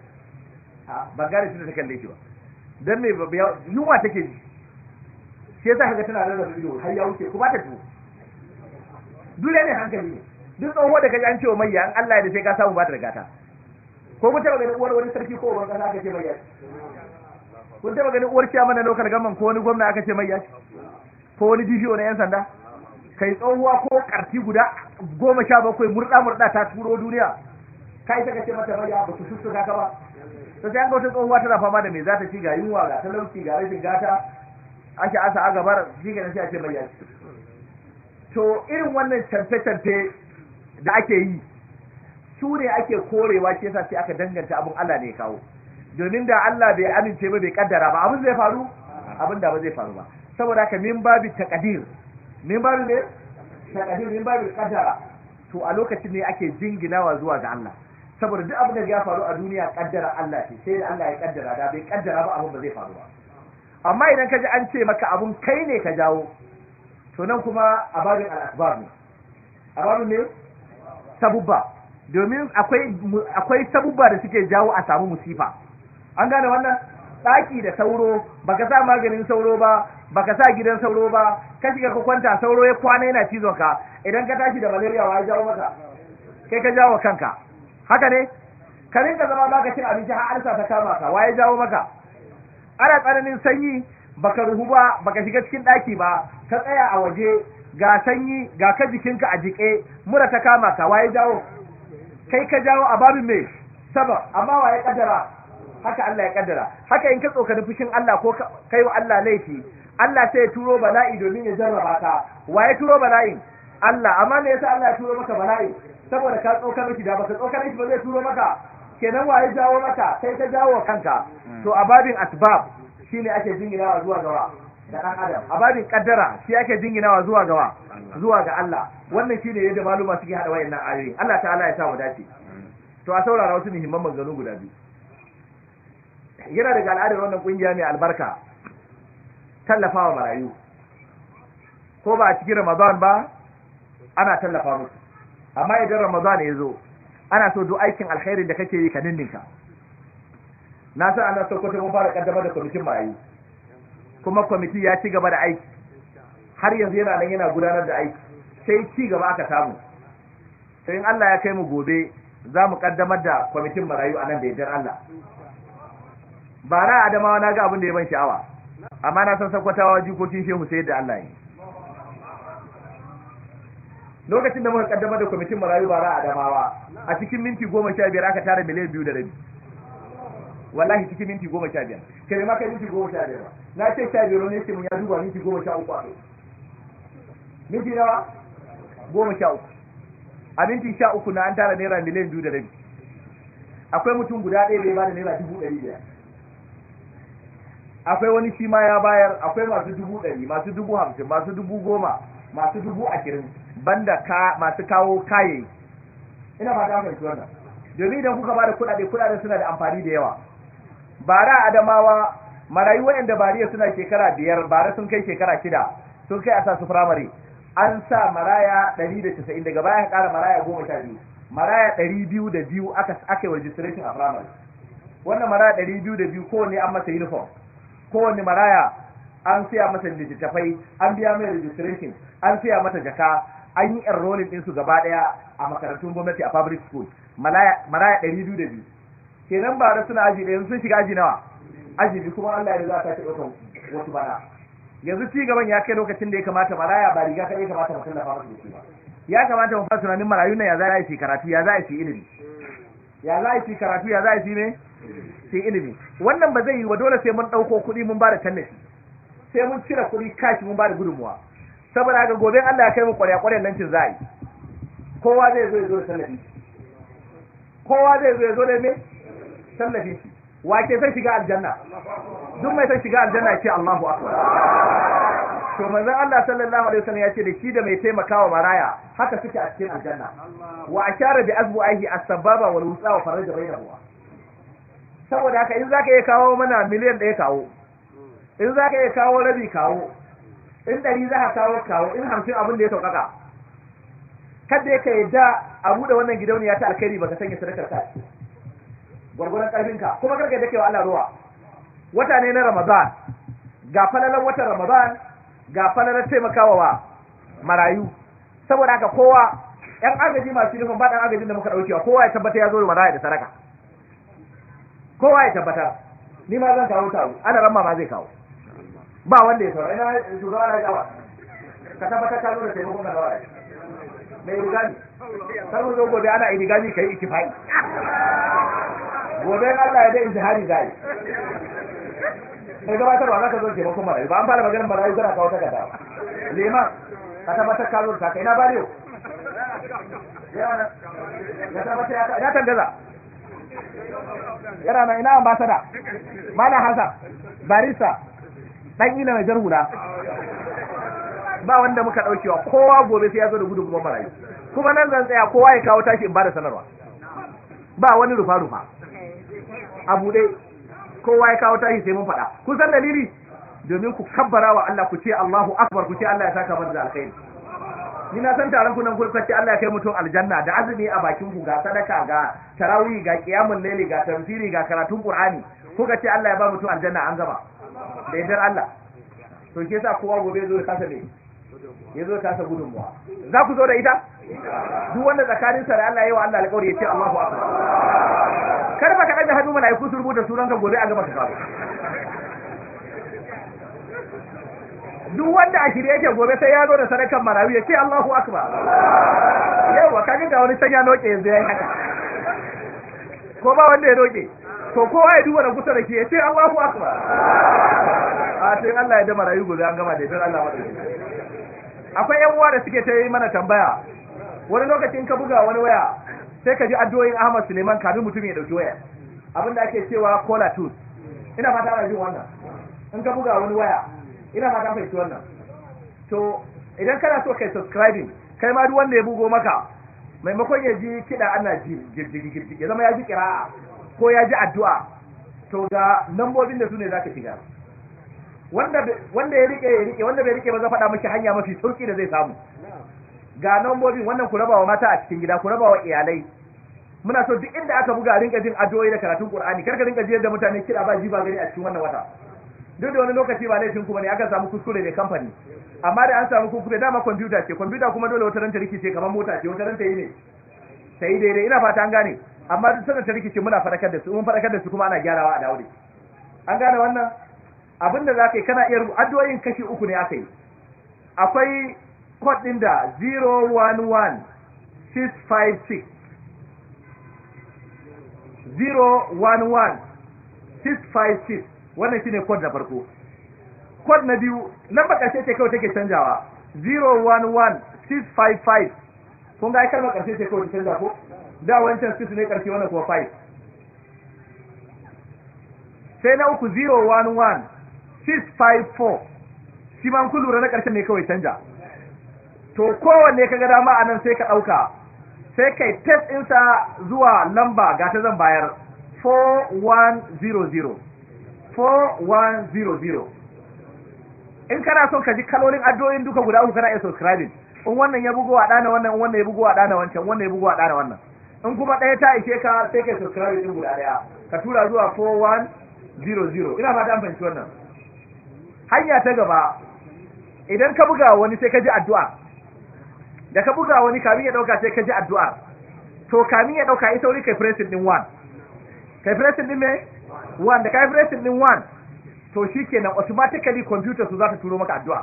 ban gane tun da ta kalle shi ba dan me yunwa take ji shi yasa ka ga tana rarraba ido har ya wuce ku ba ta tuwo dole ne hankali ne duk tsoho da kaji an cewa mayya an Allah da sai ka samu ba ta rigata ko mun taba ganin uwar wani sarki ko wani kasa aka ce mai kun taba ganin uwar ciya mana lokal gaman ko wani gwamna aka ce mai ko wani DPO na yan sanda kai tsohuwa ko karfi guda goma sha bakwai murɗa murɗa ta turo duniya kai ta kace mata mayya ba su sussuka ka ba to sai an ga wata tsohuwa tana fama da me za ta ci ga yunwa ga talauci ga rashin gata ake asa a gabar shi ga sai a ce mai yaci to irin wannan canfe-canfe da ake yi su ne ake korewa shi yasa sai aka danganta abin Allah ne kawo domin da Allah bai amince ba bai kaddara ba abin zai faru abin da ba zai faru ba saboda haka min babi taqdir min babi ne taqdir min babi kaddara to a lokacin ne ake jinginawa zuwa ga Allah saboda duk abin da ya faru a duniya kaddara Allah ce sai da Allah ya kaddara da bai kaddara ba abin ba zai faru ba amma idan ka ji an ce maka abun kai ne ka jawo to nan kuma a babin al'asbab ne a babin ne sabubba domin akwai akwai sabubba da suke jawo a samu musifa an gane wannan daki da sauro baka sa maganin sauro ba baka sa gidan sauro ba ka shiga ka kwanta sauro ya kwana yana cizon ka idan ka tashi da malaria wa ya jawo maka kai ka jawo kanka haka ne ka rinka zama baka cin abinci har arsa ta kama ka waye jawo maka ana tsananin sanyi baka ruhu ba baka shiga cikin daki ba ka tsaya a waje ga sanyi ga ka jikinka a jike mura ta kama ka waye jawo kai ka jawo a babin me sabab amma waye kaddara haka Allah ya kaddara haka in ka tsokani fushin Allah ko kai wa Allah laifi Allah sai ya turo bala'i domin ya jarraba ka waye turo bala'in Allah amma me yasa Allah ya turo maka bala'i saboda ka tsokar shi da baka tsokar shi ba zai turo maka kenan waye jawo maka Sai ka jawo kanka hmm. to a babin asbab shine ake jinginawa zuwa gawa da dan adam a babin kaddara shi ake jinginawa zuwa gawa zuwa ga Allah wannan shine yadda maluma suke hada wayannan ayoyi Allah ta'ala ya sa mu dace hmm. to a saurara wasu muhimman maganganu guda biyu yana daga al'adar wannan kungiya mai albarka tallafawa marayu ko ba a cikin Ramadan ba ana tallafa musu amma idan ramadan ya zo ana so duk aikin alkhairin da kake yi ka ninninka na san ana so kwata mun fara kaddamar da kwamitin marayu kuma kwamiti ya ci gaba da aiki har yanzu yana nan yana gudanar da aiki sai ci gaba aka samu sai in Allah ya kai mu gobe za mu kaddamar da kwamitin marayu a nan da yardar Allah Ba na adamawa na ga abin da ya ban sha'awa amma na san sakwatawa jikokin shehu sai da Allah yi lokacin da muka kaddamar da kwamitin marayu bara a damawa a cikin minti goma sha biyar aka tara miliyan biyu da rabi wallahi cikin minti goma sha biyar kai ma kai minti goma sha biyar na ce sha biyar ne ce mun ya duba minti goma sha uku a kai minti nawa goma sha uku a minti sha uku na an tara naira miliyan biyu da rabi akwai mutum guda ɗaya da ya bada naira dubu ɗari biyar akwai wani shi ma ya bayar akwai masu dubu ɗari masu dubu hamsin masu dubu goma masu dubu ashirin banda ka masu kawo kaye ina ba ta fahimci wannan domin idan kuka ba da kuɗaɗe kuɗaɗe suna da amfani da yawa bara adamawa marayu waɗanda bariya suna shekara biyar bara sun kai shekara shida sun kai a sa su firamare an sa maraya ɗari da casa'in daga baya aka ƙara maraya goma sha biyu maraya ɗari biyu da biyu aka aka yi registration a firamare wannan maraya ɗari biyu da biyu kowanne an masa uniform kowanne maraya an siya masa littattafai an biya mai registration an siya masa jaka an yi enrolling ɗinsu gaba ɗaya a makarantun gwamnati a public school maraya ɗari biyu da biyu kenan ba da suna aji ɗaya sun shiga aji nawa aji biyu kuma Allah ya za ta taɓa wasu bana yanzu ci gaban ya kai lokacin da ya kamata maraya ba riga kaɗai kamata mutum tallafa masu da ba ya kamata mu fara tunanin marayu nan ya za a yi karatu ya za a yi ilimi ya za a yi karatu ya za a yi ne sai ilimi wannan ba zai yi wa dole sai mun ɗauko kuɗi mun ba da tallafi sai mun cire kuɗi kashi mun ba da gudunmuwa saboda ga gobe Allah ya kai mu kwarya kwarya nan cin zai kowa zai zo ya zo da kowa zai zo ya zo da me sallafi wa ke san shiga aljanna duk mai san shiga aljanna ce Allahu akbar to manzon Allah sallallahu alaihi wasallam ya ce da shi da mai taimakawa maraya haka suke a cikin aljanna wa ashara bi azbu'ihi as-sababa wal wusa wa faraja bainahu saboda haka in zaka iya kawo mana miliyan ɗaya kawo in zaka iya kawo rabi kawo in ɗari za a kawo kawo in hamsin abin da ya sauƙaƙa kada ka da a buɗe wannan gidauniya ta alkhairi baka sanya sadakar ka gwargwaron ƙarfinka kuma karka da kai Allah ruwa wata ne na Ramadan ga falalar watan Ramadan ga falalar taimakawa wa marayu saboda haka kowa yan agaji masu nufin ba agajin da muka wa, kowa ya tabbata ya zo da maraya da sadaka kowa ya tabbata ni ma zan kawo taro ana ramma ma zai kawo ba wanda ya saurari na shugaba na gawa ka tabbatar ka zo da taimakon ka gawa mai rigami kar mu zo gobe ana ka yi ikifai gobe na Allah ya da hari zai mai gabatarwa za ka zo taimakon marayu ba an fara maganin marayu kana kawo ta gada. liman ka tabbatar ka zo da kai na bariyo ya tabbatar ya ta tangaza yana na ina ambasada malam hasan barista dan ina mai jar hula ba wanda muka daukewa kowa gobe sai ya zo da gudu kuma marayu kuma nan zan tsaya kowa ya kawo tashi in bada sanarwa ba wani rufa rufa a dai kowa ya kawo tashi sai mun faɗa kun san dalili domin ku kabbara wa Allah ku ce Allahu akbar ku ce Allah ya saka mana alkhairi ni na san taron nan kun kace Allah ya kai mutum aljanna da azumi a bakin ku ga sadaka ga tarawih ga qiyamul layli ga tafsiri ga karatun qur'ani kuka ce Allah ya ba mutum aljanna an gama da yadda Allah to ke sa kowa gobe zo ya kasa ne ya zo ya kasa gudunmuwa za ku zo da ita duk wanda tsakanin sa da Allah yayi wa Allah alƙawari ya ce Allahu akbar kar ba ka daga hannu malaiku su rubuta ka gobe a gaba ka kawo duk wanda a shirye yake gobe sai ya zo da sadakan marawi ya ce Allahu akbar yawa kaga ga wani sanya noke yanzu yayi haka ko ba wanda ya doke to kowa ya duba da kusa da ke ya ce Allahu akbar a sai Allah ya dama rayu gobe an gama da ita Allah madauki akwai yan uwa da suke ta yi mana tambaya wani lokacin ka buga wani waya sai ka ji addu'o'in Ahmad Suleiman kafin mutum ya dauki waya abin da ake cewa caller tools ina fata ana jin wannan in ka buga wani waya ina fata fahimci wannan to idan kana so kai subscribing kai ma duk wanda ya bugo maka maimakon ya ji kiɗa ana ji girgirgir ya zama ya ji kira'a ko ya ji addu'a to ga lambobin da su ne za ka shiga wanda ya rike ya rike wanda bai rike ba za faɗa mashi hanya mafi sauki da zai samu ga lambobin wannan ku rabawa mata a cikin gida ku rabawa iyalai muna so duk inda aka buga rinka jin addu'o'i da karatun Qur'ani karka rinka jiyar da mutane kira ba ji ba gari a cikin wannan wata duk da wani lokaci ba laifin kuma ne aka samu kuskure ne kamfani amma da an samu kuskure dama kwamfuta ce kwamfuta kuma dole wata ranta rikice kamar mota ce wata ranta yi ne ta yi daidai ina fata an gane amma duk sanar ta rikici muna faɗakar da su mun faɗakar da su kuma ana gyarawa a dawo an gane wannan abin da za ka yi kana iya addu'o'in kashi uku ne aka yi akwai kod ɗin da 011656 011656 wannan shine kod na farko kod na biyu ba ƙarshe ce kawai take canjawa 011655 kun ga kalmar karshe ce kawai ta canja ko da wancan six ne karfi wannan kuma five sai na uku zero one one six five four shi ma ku lura na karshen ne kawai canja to kowanne kaga dama a nan sai ka ɗauka sai kai test ɗinsa zuwa lamba ga ta zan bayar 4100 4100 in kana son ka ji kalolin addu'o'in duka guda uku kana iya subscribing in wannan ya bugo a ɗana wannan in wannan ya bugo a ɗana wancan wannan ya bugo a ɗana wannan in kuma ɗaya ta ishe ka sai kai subscribe din guda ɗaya ka tura zuwa 4100 ina fata amfani wannan hanya ta gaba idan ka buga wani sai ka ji addu'a da ka buga wani kamin ya dauka sai ka ji addu'a to kamin ya dauka ita wuri kai pressing din 1 kai pressing din me 1 da kai pressing din 1 to shikenan automatically computer su za ta turo maka addu'a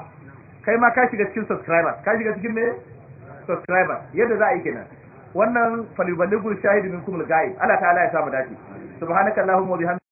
kai ma ka shiga cikin subscribers ka shiga cikin me subscribers yadda za a yi kenan wannan falibaligu shahidi min kumul ghaib Allah ta'ala ya samu dace subhanakallahumma wa bihamdika